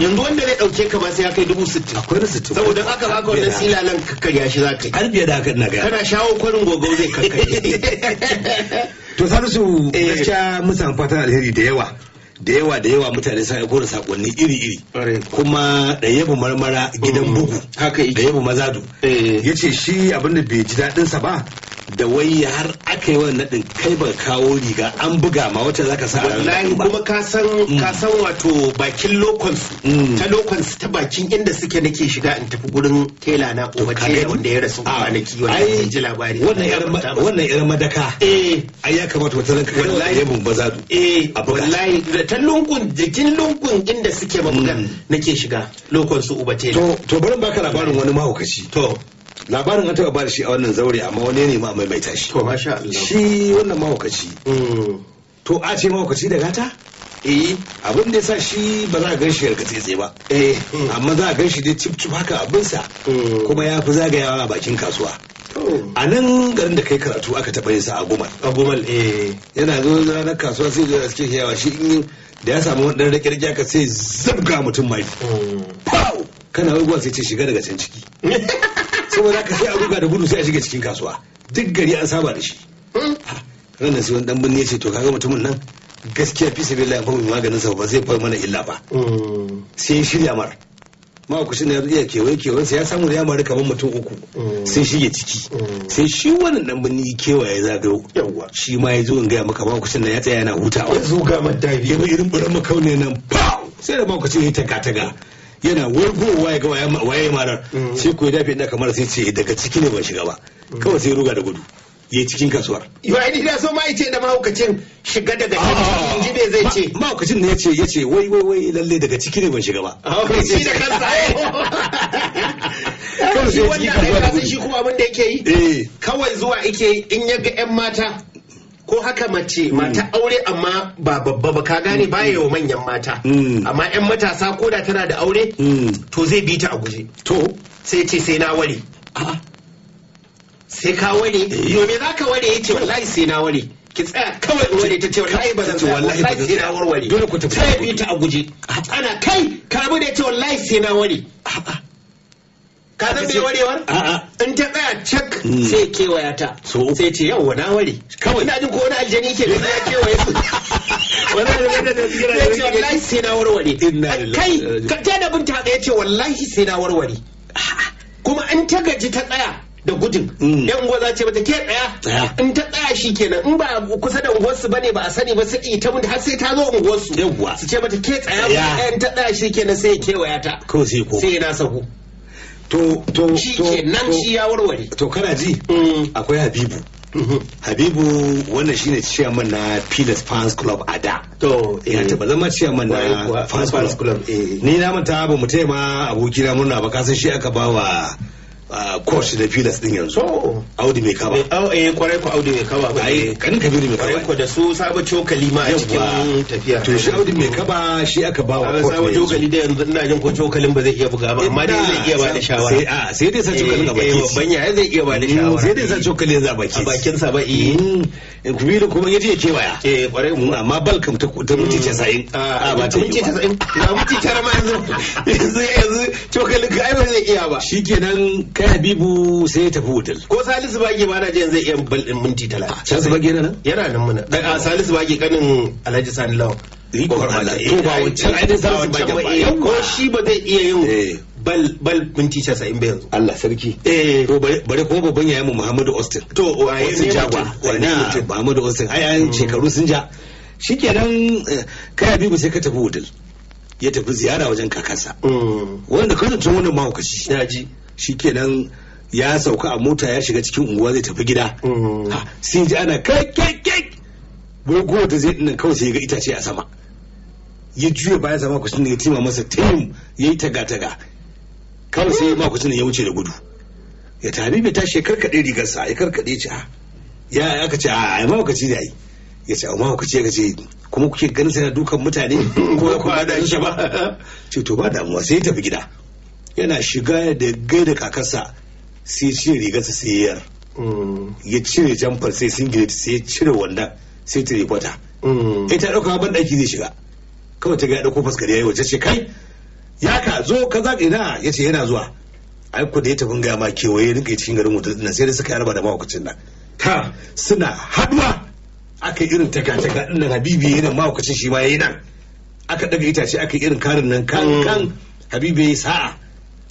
yanzu wanda zai dauke ka ma sai ya kai dubu sittin akwai na sittin saboda aka ka wannan silalan kakkarya shi za ka yi har biya da hakan na gaya kana shawo kwarin gogo zai kakkarya to su eh. gaskiya san fatan alheri da yawa da yawa da yawa mutane sun gore sakonni iri-iri kuma da yabu marmara gidan mm. bugu da yabu mazadu eh. yace ce shi abinda bai ji daɗinsa ba da wai har aka yi wannan din kai ba kawo riga an buga ma wacce zaka sa wallahi kuma ka san mm. ka san wato bakin lokon mm. ta lokon ta bakin inda suke nake shiga in tafi gurin tela na kowace wanda ya rasu ah. kwanaki wanda ji labari wannan yar wannan yar madaka eh ai ya kamata wata ranka kai wallahi ya bumba zadu eh wallahi da ta lunkun jikin lunkun inda suke mabugan mm. nake shiga lokon su uba tela to to bari baka labarin wani mahaukaci to labarin an taba ba shi a wannan zaure amma wani ne ma maimaita shi to masha Allah shi wannan mahaukaci mm. to a ce mahaukaci da gata eh abin da yasa shi ba za a gan shi yarka tsaye ba eh amma za a gan shi dai cip cip haka abinsa mm. kuma ya fi zagayawa a bakin kasuwa a nan garin da kai karatu aka taba yin sa a gumal. a goma eh yana zo ranar kasuwa sai zo suke yawa shi in da ya samu wani rike rike ka sai zabga mutum mai mm. kana wai sai ce shiga daga can ciki kuma za ka sai a ruga da gudu sai a shiga cikin kasuwa duk gari an saba da shi hmm? ranar sai wani dan birni ya ce to kaga mutumin nan gaskiya fi sabi la yafa maganin sa ba zai bar mana illa ba hmm. sai ya shirya mar ma ku shi ne ya iya kewaye kewaye sai ya samu da ya mara kamar mutum uku hmm. sai shige ciki sai shi wannan dan birni kewaye ga yawa shi ma ya zo in gaya maka ma ku shi ya tsaya yana hutawa ya zo ga madabi ya bi irin buran makauniya nan sai da ma ku shi ya taga taga yana wargowa ya ga waye marar mm. sai ko ya dafe da kamar sai ce daga ciki ne ban shiga ba mm. kawai sai ruga da gudu ya cikin kasuwar. Yo ai ina so ma yace da mahaukacin shiga daga ah, ciki ah, ah, in ji zai ce. Mahaukacin ne yace yace wai wai wai lalle daga ciki ne ban shiga ba. Shi da kansa. Kawai sai wannan ai shi kuma abin da yake yi. Eh. Kawai zuwa yake in ya ga 'yan mata ko haka mace mata mm. aure amma ba babba ba ka gane mm. ba yawa manyan mata mm. amma yan matasa ko da tana da aure to zai bi ta a guje to sai ce sai na ware sai ka ware eh. yo me zaka ware yace wallahi sai na ware ki tsaya kawai ware ta ce wallahi ba zan tsaya wallahi sai na warware dole ku tafi sai bi ta a guje ana kai ka rabu da wallahi sai na ware ka san me warewar in ta tsaya cak hmm. sai kewaya ta sai ce yau na ware kawai ina jin ko wani aljani yake da ya kewaye su wani aljani da zira ya ce wallahi sai na warware kai ka ta da bin ta ya ce wallahi sai na warware kuma in ta gaji ta tsaya da gudun hmm. yan gwaza ce bata ke tsaya in ta tsaya shi kenan in ba kusa da unguwarsu bane ba a sani ba sai ta mun har sai ta zo unguwar su Su ce bata ke tsaya ba in ta tsaya shi kenan sai kewaya ta sai na sahu to to to nan shi ya warware to kana ji mm. akwai habibu mm-hmm. habibu wannan shine chairman na pilas fans club a da to ya eh. taba zama chairman na fans club eh. ni na manta ba mu taima ma abokina murna ba kasan shi aka bawa coach da filas din yanzu audi mai kaba eh, eh kwarai ko audi mai kaba ai kan kabiru mai kaba ko da su saba cokali ma a cikin tafiya to shi audi mai kaba shi aka ba wa coach sabo cokali da yanzu ina jin ko cokalin ba zai iya buga ba amma dai zai iya ba da shawara sai a ah, sai dai sa eh, cokalin a eh, bakin babban ya zai iya ba da mm, shawara sai dai sa cokalin a baki a bakin sa ba eh mm. kabiru kuma yaje ya kewaya eh kwarai mu mm, amma balkam ta ta mutu 90 a ba ta mutu 90 na mutu tara ma yanzu yanzu cokalin ka ai ba zai iya ba shikenan sai Habibu sai ta tafi hotel. Ko Salisu Bage ma na jin zai iya bal din minti talatin. Ah, Salisu Bage yana nan? Yana nan muna. Da ah, Salisu Bage kanin Alhaji Sani Lawan. Ikon Allah. Eh, ba Salisu Bage ba. Ko shi ba zai iya yin eh. bal bal minti casa'in ba yanzu. Allah sarki. Eh. To bare kuma babban yayan mu Muhammadu Austin. To a yi jagwa. Wani Muhammadu Austin ai an mm. shekaru sun ja. Shikenan eh, kai Habibu sai ka tafi hotel. ya tafi ziyara wajen kakansa mm. wanda kasan tun wani mahaukaci ya ji kenan ya sauka a mota ya shiga cikin unguwa zai tafi gida mm. sai ji ana kai kai. gowa ta zai dinnan kawai sai ga itace a sama ya juya baya sama kusa ne ya tima masa tayin ya yi taga-taga kawai sai ma kusa ne ya wuce da gudu ya tare bai tashi ya karkaɗe rigarsa ya karkaɗe ci ya aka ce a ma ka da yi ya ce a ka ce ka ce kuma kuke ganin sai na dukan mutane ko ya kuma da shi ba ce to ba damuwa sai ya tafi gida yana shiga da gaida kakasa sai cire rigarsa sai yar ya cire jamfar sai singlet sai cire wanda sai ta rikwata mm. ita ɗauka ban ɗaki zai shiga kawai ta ga ya ɗauko faskari ya yi wace ce kai ya ka zo ka za ina ya ce yana zuwa ai ku da ya tafi gama kewaye rinka cikin garin mutum nan sai da suka arba da mawakacin nan ha suna haduwa aka irin taka-taka nan habibi yana mawakacin shi ma yayi nan aka ɗaga itace aka irin karin nan kan kan mm. habibi yi sa'a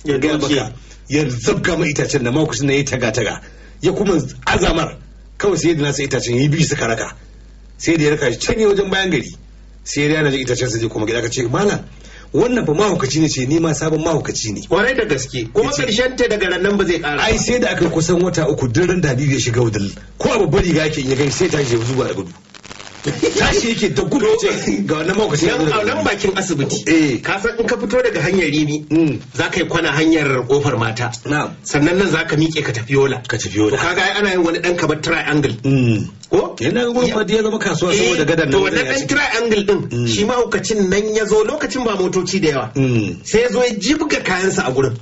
ya gaya maka ya zabga ma itacen da makushin na ya taga taga ya kuma azamar kawai sai da nasa itacen ya bi suka raka sai da ya raka shi can ya wajen bayan gari sai ya rana itacen sa je kuma gida ka ce malam wannan ba mahaukaci ne ce ma sabon mahaukaci ne kwarai da gaske kuma karshen ta daga nan ba zai kara ai sai da aka kusan wata uku duk ran da ya shiga wudul ko a babbar riga yake in ya gani sai ta je zuwa da gudu tashi yake da gudoje ga wannan ya nan nan bakin asibiti eh. ka san in ka fito daga hanyar rini mm. za ka yi kwana hanyar kofar mata sannan nan za ka miƙe ka tafi yola ka tafi yola to kaga ana yin wani dan kamar triangle mm. ko yana ga gurin fadi ya zama kasuwa eh, saboda gadan nan to wannan dan triangle din mm. shi mahaukacin nan ya zo lokacin ba motoci da yawa sai ya zo ya jibga kayansa a gurin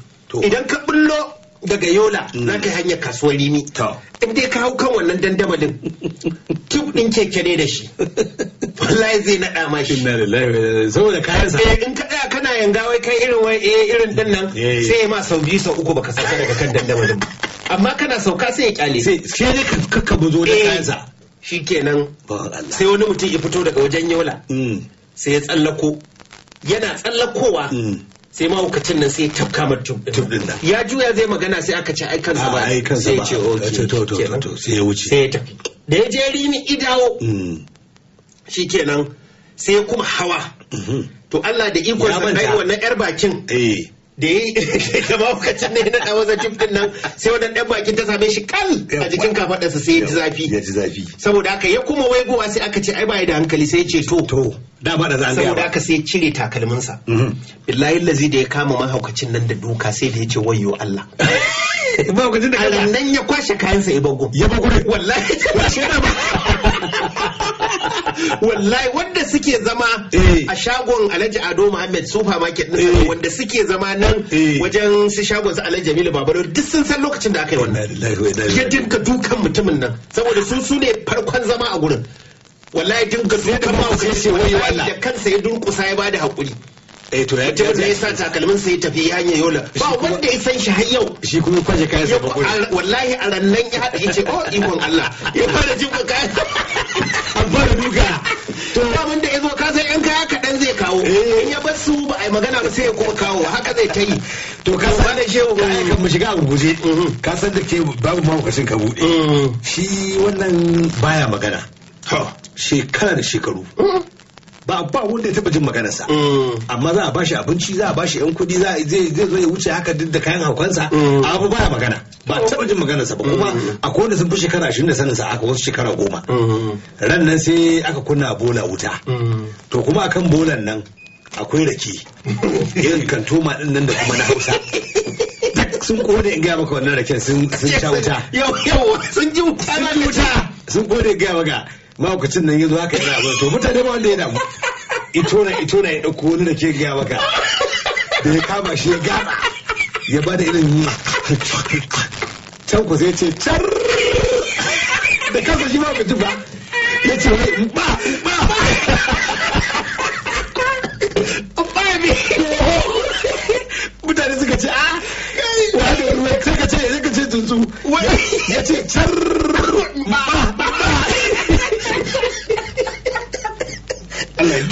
idan ka bullo daga yola mm. za ka hanyar kasuwar rimi in dai ka hau kan wannan dandamalin Tuk din keke ne da shi wallahi zai naɗa ma shi saboda kayan sa eh, in ka tsaya kana yanga wai kai irin wai eh irin din nan sai ma sau biyu sau uku baka sauka daga kan dandamalin amma kana sauka sai ya kyale sai ne ka ka buzo da eh, kayan sa shikenan sai wani mutum ya fito daga wajen yola mm. sai ya tsallako yana tsallakowa mm. sai mahaukacin nan sai tafka ma tubdin nan ya juya zai magana sai aka ce ai kansa ba ai kansa ba sai ce oh, to to to sai ya wuce sai ya tafi da ya je rini idawo mm. shikenan sai kuma hawa mm-hmm. to Allah da ikon sai wannan yar bakin eh da ya yi da mahaukacin ne na ɗawar wasa din nan sai wannan ɗan bakin ta same shi kal a jikin kafaɗarsa sai ya ji zafi ya ji zafi saboda haka ya kuma waigowa sai aka ce ai ba da hankali sai ya ce to to da ba da za saboda haka sai ya cire takalminsa mm-hmm. billahi lazi da ya kama mahaukacin nan da duka sai da ya ce wayo Allah mahaukacin da kaza nan ya kwashe kayansa ya bago ya bago wallahi wallahi wanda suke zama eh. a shagon Alhaji Ado Muhammad supermarket din eh. wanda suke zama nan eh. wajen su shagon su Alhaji Jamilu Babaro duk sun san lokacin da aka yi wannan ya dinka dukan mutumin nan saboda su su ne farkon zama a gurin wallahi dinka dukan ma sai wai da kansa ya durkusa ya bada hakuri eh to ya ne. ya sa takalmin sai tafi ya hanyar yola ba wanda ya san shi har yau shi kuma kwaje kayan sa ba wallahi a rannan ya hada yace oh ikon Allah ya fara jinka kayan abba duka to daman da yazo ka san yan kaya kaɗan zai kawo eh. in ya bar su ba a magana ba sai ya kuma kawo haka zai ta yi to ka san da shehu ba ya kan shiga abu guje mm-hmm. ka san da ke babu mahaukacin ka buɗe mm-hmm. shi wannan baya magana shekara da shekaru mm-hmm. ba ba wanda ya taba jin maganarsa mm. amma za a bashi abinci za a bashi yan kudi za zai zai zo ya wuce haka duk da kayan haukansa mm. abu baya magana ba taba jin maganarsa ba kuma mm. akwai wanda sun fi shekara ashirin da sanin sa aka wasu shekara goma ran nan sai aka kunna bola wuta to kuma akan bolan nan akwai rake irin kantoma din nan da kuma na hausa sun kode in gaya maka wannan raken sun sha wuta yau yau sun ji wuta sun kode in gaya maka mahaukacin nan yanzu haka yana abu to mutane ba wanda ya damu itona itona ya ɗauko wani da ke gaya maka da ya kama shi ya gaba ya bada irin yi can ku sai ce can da kasa shi ba mutu ba ya ce wai ba ba ba ne mutane suka ce a ah, wani ruwa suka ce suka ce Wani ya ce can ba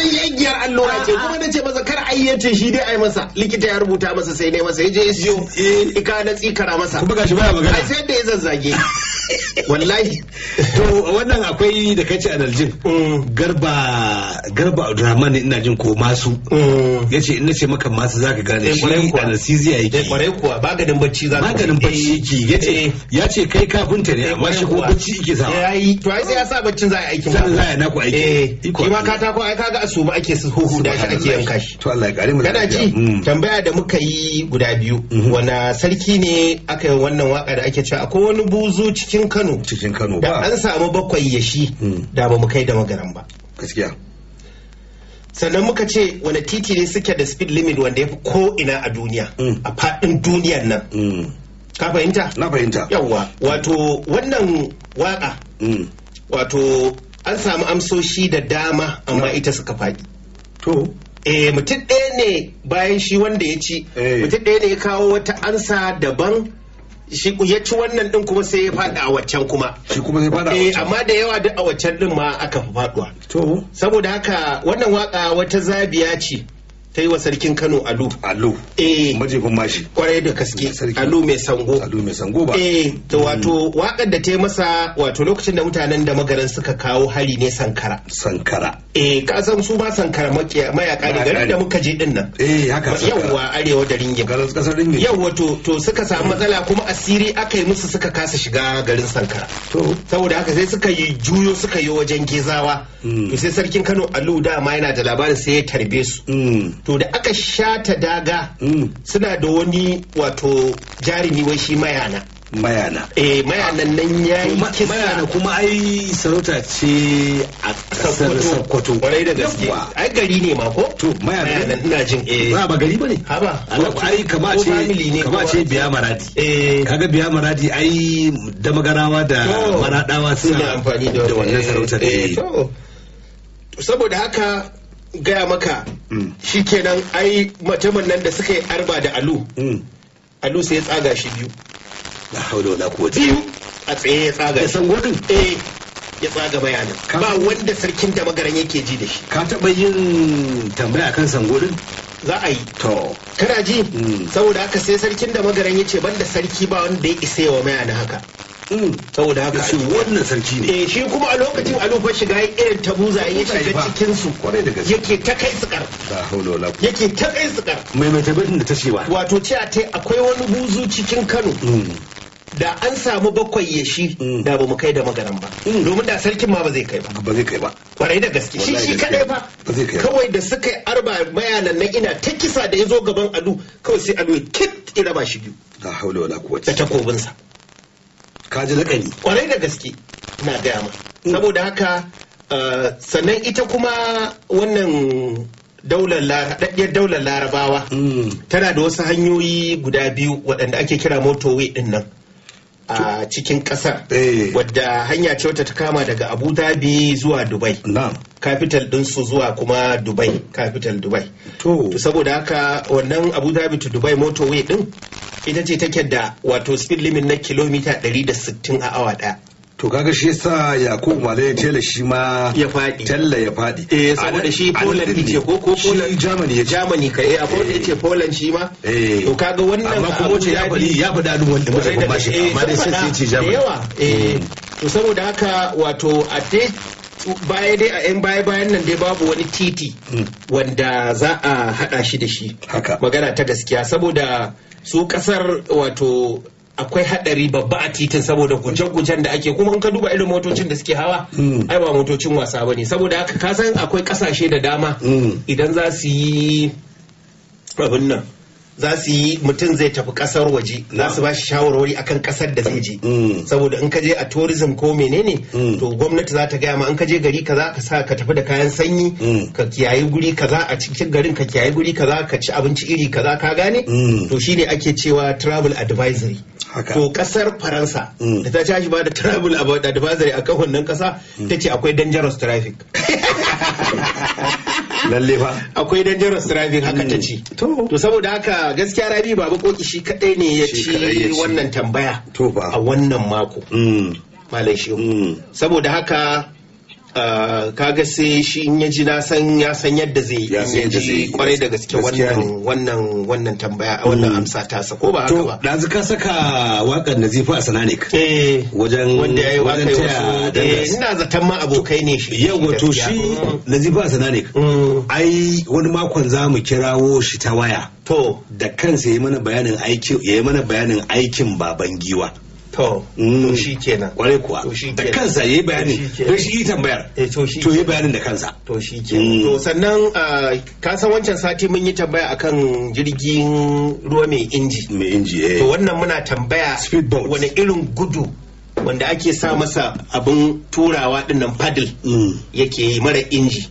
yi yaggiyar allura ce kuma ce masa kar ayyace shi dai ai masa likita ya rubuta masa sai ne masa yaje ya siyo eh, ika na tsikara masa kuma shi baya magana sai da ya zazzage wallahi to wannan akwai da kace analjin mm. garba garba abdurrahman ina jin ko masu mm. yace in nace maka masu zaka gane eh, shi anesthesia yake eh, kwarai kuwa maganin bacci zaka maganin bacci yake yace yace kai kafinta ne amma shi ko bacci yake sa yayi to ai sai ya sa baccin za aikin aiki sannan za ya naku aiki eh ki ma ka ta ko ai kaga a suma ake huhu da shi ake yanka shi to Allah ya kare mu kana ji mm. tambaya da muka yi guda biyu mm-hmm. wana sarki ne aka yi wannan waka da ake cewa akwai wani buzu cikin Kano cikin Kano ba. da an samu bakwai ya shi mm. da ba mu kai da magaran ba gaskiya sannan muka ce wani titi ne suke da speed limit wanda ya fi ko ina a duniya mm. a faɗin duniyar nan ka fahimta na fahimta yawa wato wannan waka wato an samu amsoshi da dama amma ita suka faɗi to eh mutum ɗaya ne bayan shi wanda ya ci eh. mutum ɗaya ne ya kawo wata ansa daban shi ya ci wannan ɗin kuma sai ya faɗi a waccan kuma shi kuma sai faɗi a eh, waccan amma da yawa duk a waccan ɗin ma aka fi faɗuwa to saboda haka wannan waƙa wata zabiya ce ta yi wa sarkin kano alu alu eh majefin mashi kwarai da gaske alu mai sango alu mai sango ba eh to hmm. wato wakar da ta yi masa wato lokacin da mutanen da magaran suka kawo hari ne sankara sankara eh ka san su ba sankara mayaka ne garin da muka je din nan eh haka yawwa arewa da ringin kasar ringin yawwa to to suka samu hmm. matsala kuma asiri aka yi musu suka kasa shiga garin sankara to saboda haka sai suka yi juyo suka yi wajen gezawa hmm. to sai sarkin kano alu dama yana da labarin sai ya tarbe su to da aka shata daga mm. suna da wani wato jarumi wai shi mayana mayana eh mayanan nan ya yi kisa mayana kuma ai sarauta ce a kasar sokoto kwarai da gaske ai gari ne ma ko to mayanan ina jin eh ba ba gari bane ha ba ai kama ce kama ce biya maradi eh kaga biya maradi ai da magarawa da maradawa suna amfani da wannan sarauta eh, eh. saboda haka gaya maka mm. shi kenan ai mutumin nan da suka yi arba da alu mm. alu sai ya tsaga shi biyu na haula wala quwwata biyu a tsaye ya tsaga shi san gurin eh ya tsaga bayanin ba wanda sarkin da magaran yake ji da shi ka taba yin tambaya kan sangorin za a yi to kana ji mm. saboda haka sai sarkin da magaran ban banda sarki ba wanda ya isa wa mayana haka Mm. saboda haka shi wannan sarki ne eh shi kuma a lokacin a lokacin shiga irin ta buza ya shiga cikin su yake ta kai sukar yake ta kai sukar mai mai tabbatin da ta shewa wato ce a tai akwai wani buzu cikin Kano mm. da an samu bakwai ya shi mm. da ba mu kai da magaran ba domin da sarkin ma ba zai kai ba ba zai kai ba kwarai da gaske shi shi kadai ba kawai da suka yi arba mayanan na ina ta kisa da ya zo gaban alu kawai sai alu kit ira ba shi biyu da haula wala kuwata da takobinsa ka ji lakani kwarai da gaske na gaya ma saboda haka uh, sannan ita kuma wannan daular daular larabawa hmm. tana da wasu hanyoyi guda biyu waɗanda ake kira motorway ɗin nan a cikin ƙasar eh. wadda hanya ce wata ta kama daga abu dhabi zuwa dubai capital ɗinsu zuwa kuma dubai capital dubai to saboda haka wannan abu dhabi to dubai motorway ɗin ita ce take da wato speed limit na kilomita 160 a awa daya to kaga shi yasa yakub malai tela shi ma ya fadi tella ya fadi eh saboda shi poland ce ko ko poland germany ya germany ka eh akwai da yace eh. poland shi ma eh. to kaga wannan amma kuma ce ya fadi ya fada adun wanda mutum ba shi eh, amma dai sai sai ce germany yawa eh hmm. to saboda haka wato a dai baya dai a 'yan baya bayan nan dai babu wani titi hmm. wanda za a hada shi da shi magana ta gaskiya saboda su kasar wato akwai hadari babba a titin saboda guje-gujen da ake kuma in ka duba irin motocin da suke hawa mm. ai ba motocin wasa ba ne saboda haka kasan akwai kasashe da dama mm. idan za su yi abin nan za su yi mutum zai tafi kasar waje za su ba shi shawarwari akan kasar da zai je mm. saboda in ka je a tourism ko menene mm. to gwamnati za ta gaya ma in ka je gari kaza ka sa ka tafi da kayan sanyi mm. ka kiyaye guri kaza a cikin garin ka kiyaye guri kaza ka ci abinci iri kaza ka gane to shine ake cewa travel advisory to kasar faransa da ta tashi ba da travel advisory kan wannan kasa ta ce akwai dangerous traffic lalle ba akwai dangerous driving haka ta mm. ci to saboda haka gaskiya rabi babu koki shi kadai ne ya ci wannan tambaya a wannan mako mm. malam shehu mm. saboda haka Ah, kaga sai shi in ya ji na san ya san yadda zai ji kwarai da gaske wannan wannan tambaya wannan mm. amsa ta sa ko ba haka ba dazu ka saka wakar Nazifa a eh wajen wanda yayi wajen ta eh, ina zaton ma abokai ne shi Yau wato shi mm. Nazifa sananik mm. ai wani makon za mu kirawo shi ta waya to da kansa yayi mana bayanin aikin yayi mana bayanin aikin baban giwa Mm. Eh, to to shi kenan kwarai kuwa da kansa yayi bayani To shi yi tambayar to yayi bayanin da kansa to shi kenan mm. to sannan ah, ka san wancan sati mun yi tambaya akan jirgin ruwa mai inji mai inji eh to wannan muna tambaya Speedboat. wani irin gudu wanda ake sa mm. masa abin turawa dinnan paddle yake yi mara inji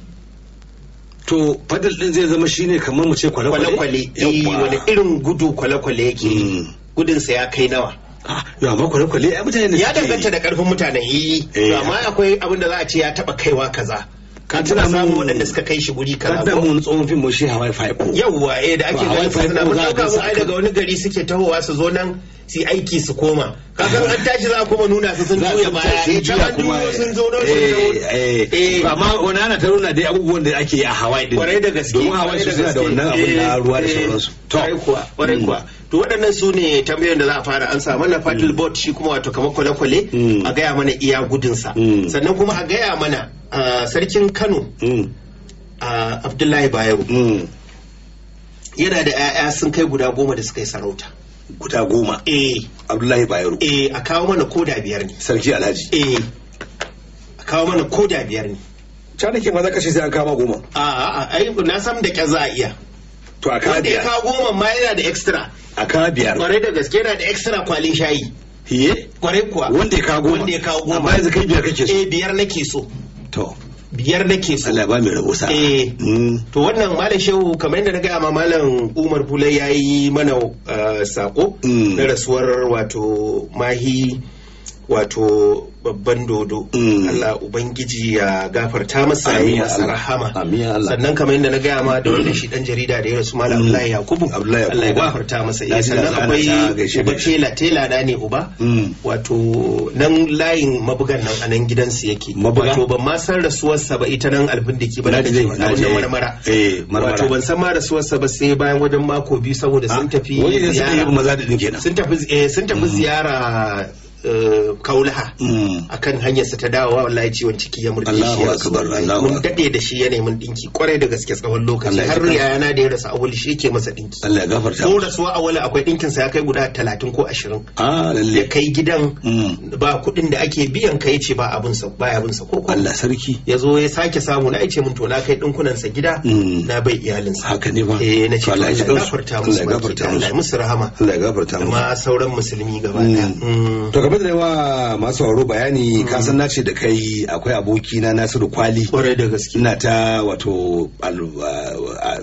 to fadil din zai zama shine kamar mu ce kwale-kwale eh, wani irin gudu kwale-kwale yake gudun sa ya kai nawa Ah, ya ba kwale-kwale ya mutane ya danganta da karfin mutane yi eh. amma akwai abin da za a ce ya taba kaiwa kaza ka tuna mu waɗanda suka kai shi guri kaza ko mun tsohon fim shi Hawaii Five yawa eh da ake ganin sai da mun dauka mu ai daga wani gari suke tahowa su zo nan su aiki su koma Ka kasan an tashi za a kuma nuna su sun juya baya ita eh, kuma sun zo don su amma wani ana ta nuna dai abubuwan da ake yi a Hawaii din kwarai da gaske domin Hawaii su da wannan abun na eh, ruwa da eh, sauransu to kwarai mm. kuwa to waɗannan su ne tambayoyin da za a fara an ansa mana paddle mm. boat shi kuma wato kamar kwale-kwale mm. a gaya mana iya gudunsa sannan kuma a gaya mana sarkin kano mm. abdullahi bayero mm. yana da 'ya'ya sun kai guda goma da suka yi sarauta guda goma eh abdullahi bayero eh a kawo mana koda biyar ne sarki alhaji eh a kawo mana koda biyar ne canakin maza kashe ka ce sai an kama goma a a ai na san da kyan za a iya to a kawo biyar wanda ya kawo goma ma yana da extra a kawo biyar kwarai da gaske yana da extra kwalin shayi Kwarai kuwa. Wanda ya kawo goma. Wanda ya kawo goma. Amma yanzu kai biyar kake so. Eh biyar nake so. to biyar da so Allah ba mai rabo eh. mm. to wannan malam shehu kamar yadda na gaya ma malam Umar ya yi mana eh, sako mm. na rasuwar wato mahi wato babban dodo mm. Allah ubangiji ya gafarta masa yi masa rahama sannan kamar yadda na gaya ma da wannan shi dan jarida da ya rasu malam mm. Abdullahi Yakubu Allah ya gafarta masa yi eh, sannan akwai uba tela tela da ne uba mm. wato nan layin mabugan nan a nan gidansu yake wato ban ma san rasuwarsa ba ita nan albindiki ba da zai wani marmara wato ban san ma rasuwarsa ba sai bayan wajen mako biyu saboda sun ah, tafi sun tafi eh, ziyara Eh, kaulaha mm. akan hanyarsa ta dawowa wallahi ciwon ciki ya murɗe shi ya akbar mun dade da shi ya mun dinki kwarai da gaske tsawon lokaci har yana da ya rasa awali shi ke masa dinki Allah ya gafarta ko rasuwa awali akwai dinkin sa ya kai guda 30 ko 20 ah lalle ya kai gidan mm. ba kuɗin da ake biyan kai ce ba abun sa ba abun sa ko Allah sarki ya zo ya sake samu na ce mun to na kai dinkunan sa gida mm. na bai iyalin sa haka ne ba eh na ce Allah ya gafarta musu Allah ya gafarta musu rahama Allah ya gafarta musu sauran musulmi gaba ɗaya gaba da yawa masu sauraro bayani hmm. ka san na ce da kai akwai aboki na Nasiru Kwali kwarai da gaske ina ta wato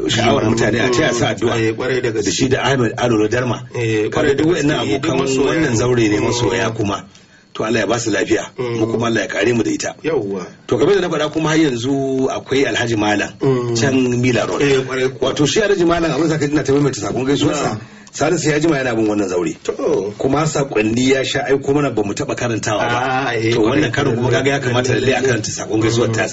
sha'awar hmm. mutane a ta yasa addu'a eh, kwarai da gaske shi da Ahmed alolo Darma eh, kwarai da wayannan eh, abokan wannan zaure ne hmm. masoya kuma to Allah ya ba su lafiya mu kuma Allah ya kare mu da ita yawwa to kamar da na faɗa kuma har yanzu akwai Alhaji Malam can Mila Road wato shi Alhaji Malam abin sa ka na ta mai ta sakon gaisuwa sai ya jima yana bin wannan zaure kuma sakonni ya sha aiko mana bamu taba karantawa ba ah, eh, to wannan karin kuma kaga ya kamata lalle a karanta sakon gaisuwa mm, ta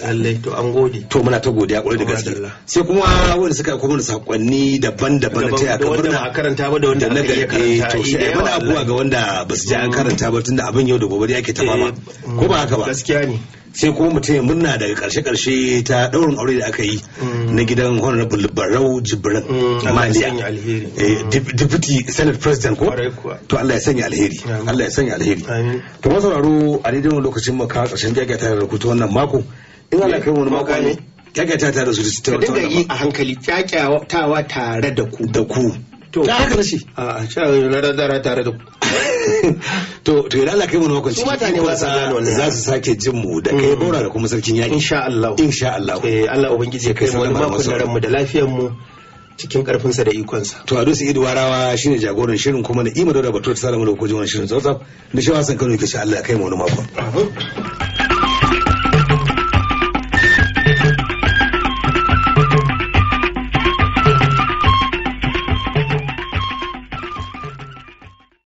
to an gode to muna ta godiya kwarai da gaske sai kuma wanda suka aiko mana sakonni daban-daban na taya kamar A karanta ba da wanda na gari eh, to shi ai mana abuwa ga wanda basu ji an mm. karanta ba tunda abin yau da gobe ya ke ta eh, ko ba haka ba mm, gaskiya ne sai kuma mutum ya murna daga karshe karshe ta daurin aure da aka yi na gidan honorable barau jibrin mm. maliya eh, deputy senate president ko to Allah ya sanya alheri Allah ya sanya alheri to masu sauraro a daidai lokacin mu karshen karshen ta da kuto wannan mako in Allah kai wani mako ne gaggata ta da su ta wata a hankali tawa tare da ku da ku to na haka nashi a sha na radara tare da to to yana Allah kai mu makon ciki mutane za su sake jin mu da kai mm. bora da kuma sarkin yaki insha Allah insha Allah eh Allah ubangiji ya kai mu wani makon da ranmu da lafiyar mu cikin karfinsa da ikonsa. To Ado Idu Warawa shine jagoran shirin kuma na Ima Dauda Batura ta salamu da kojin wani shirin tsautsaf da shi wasan Kano ke sha Allah kai mu wani makon.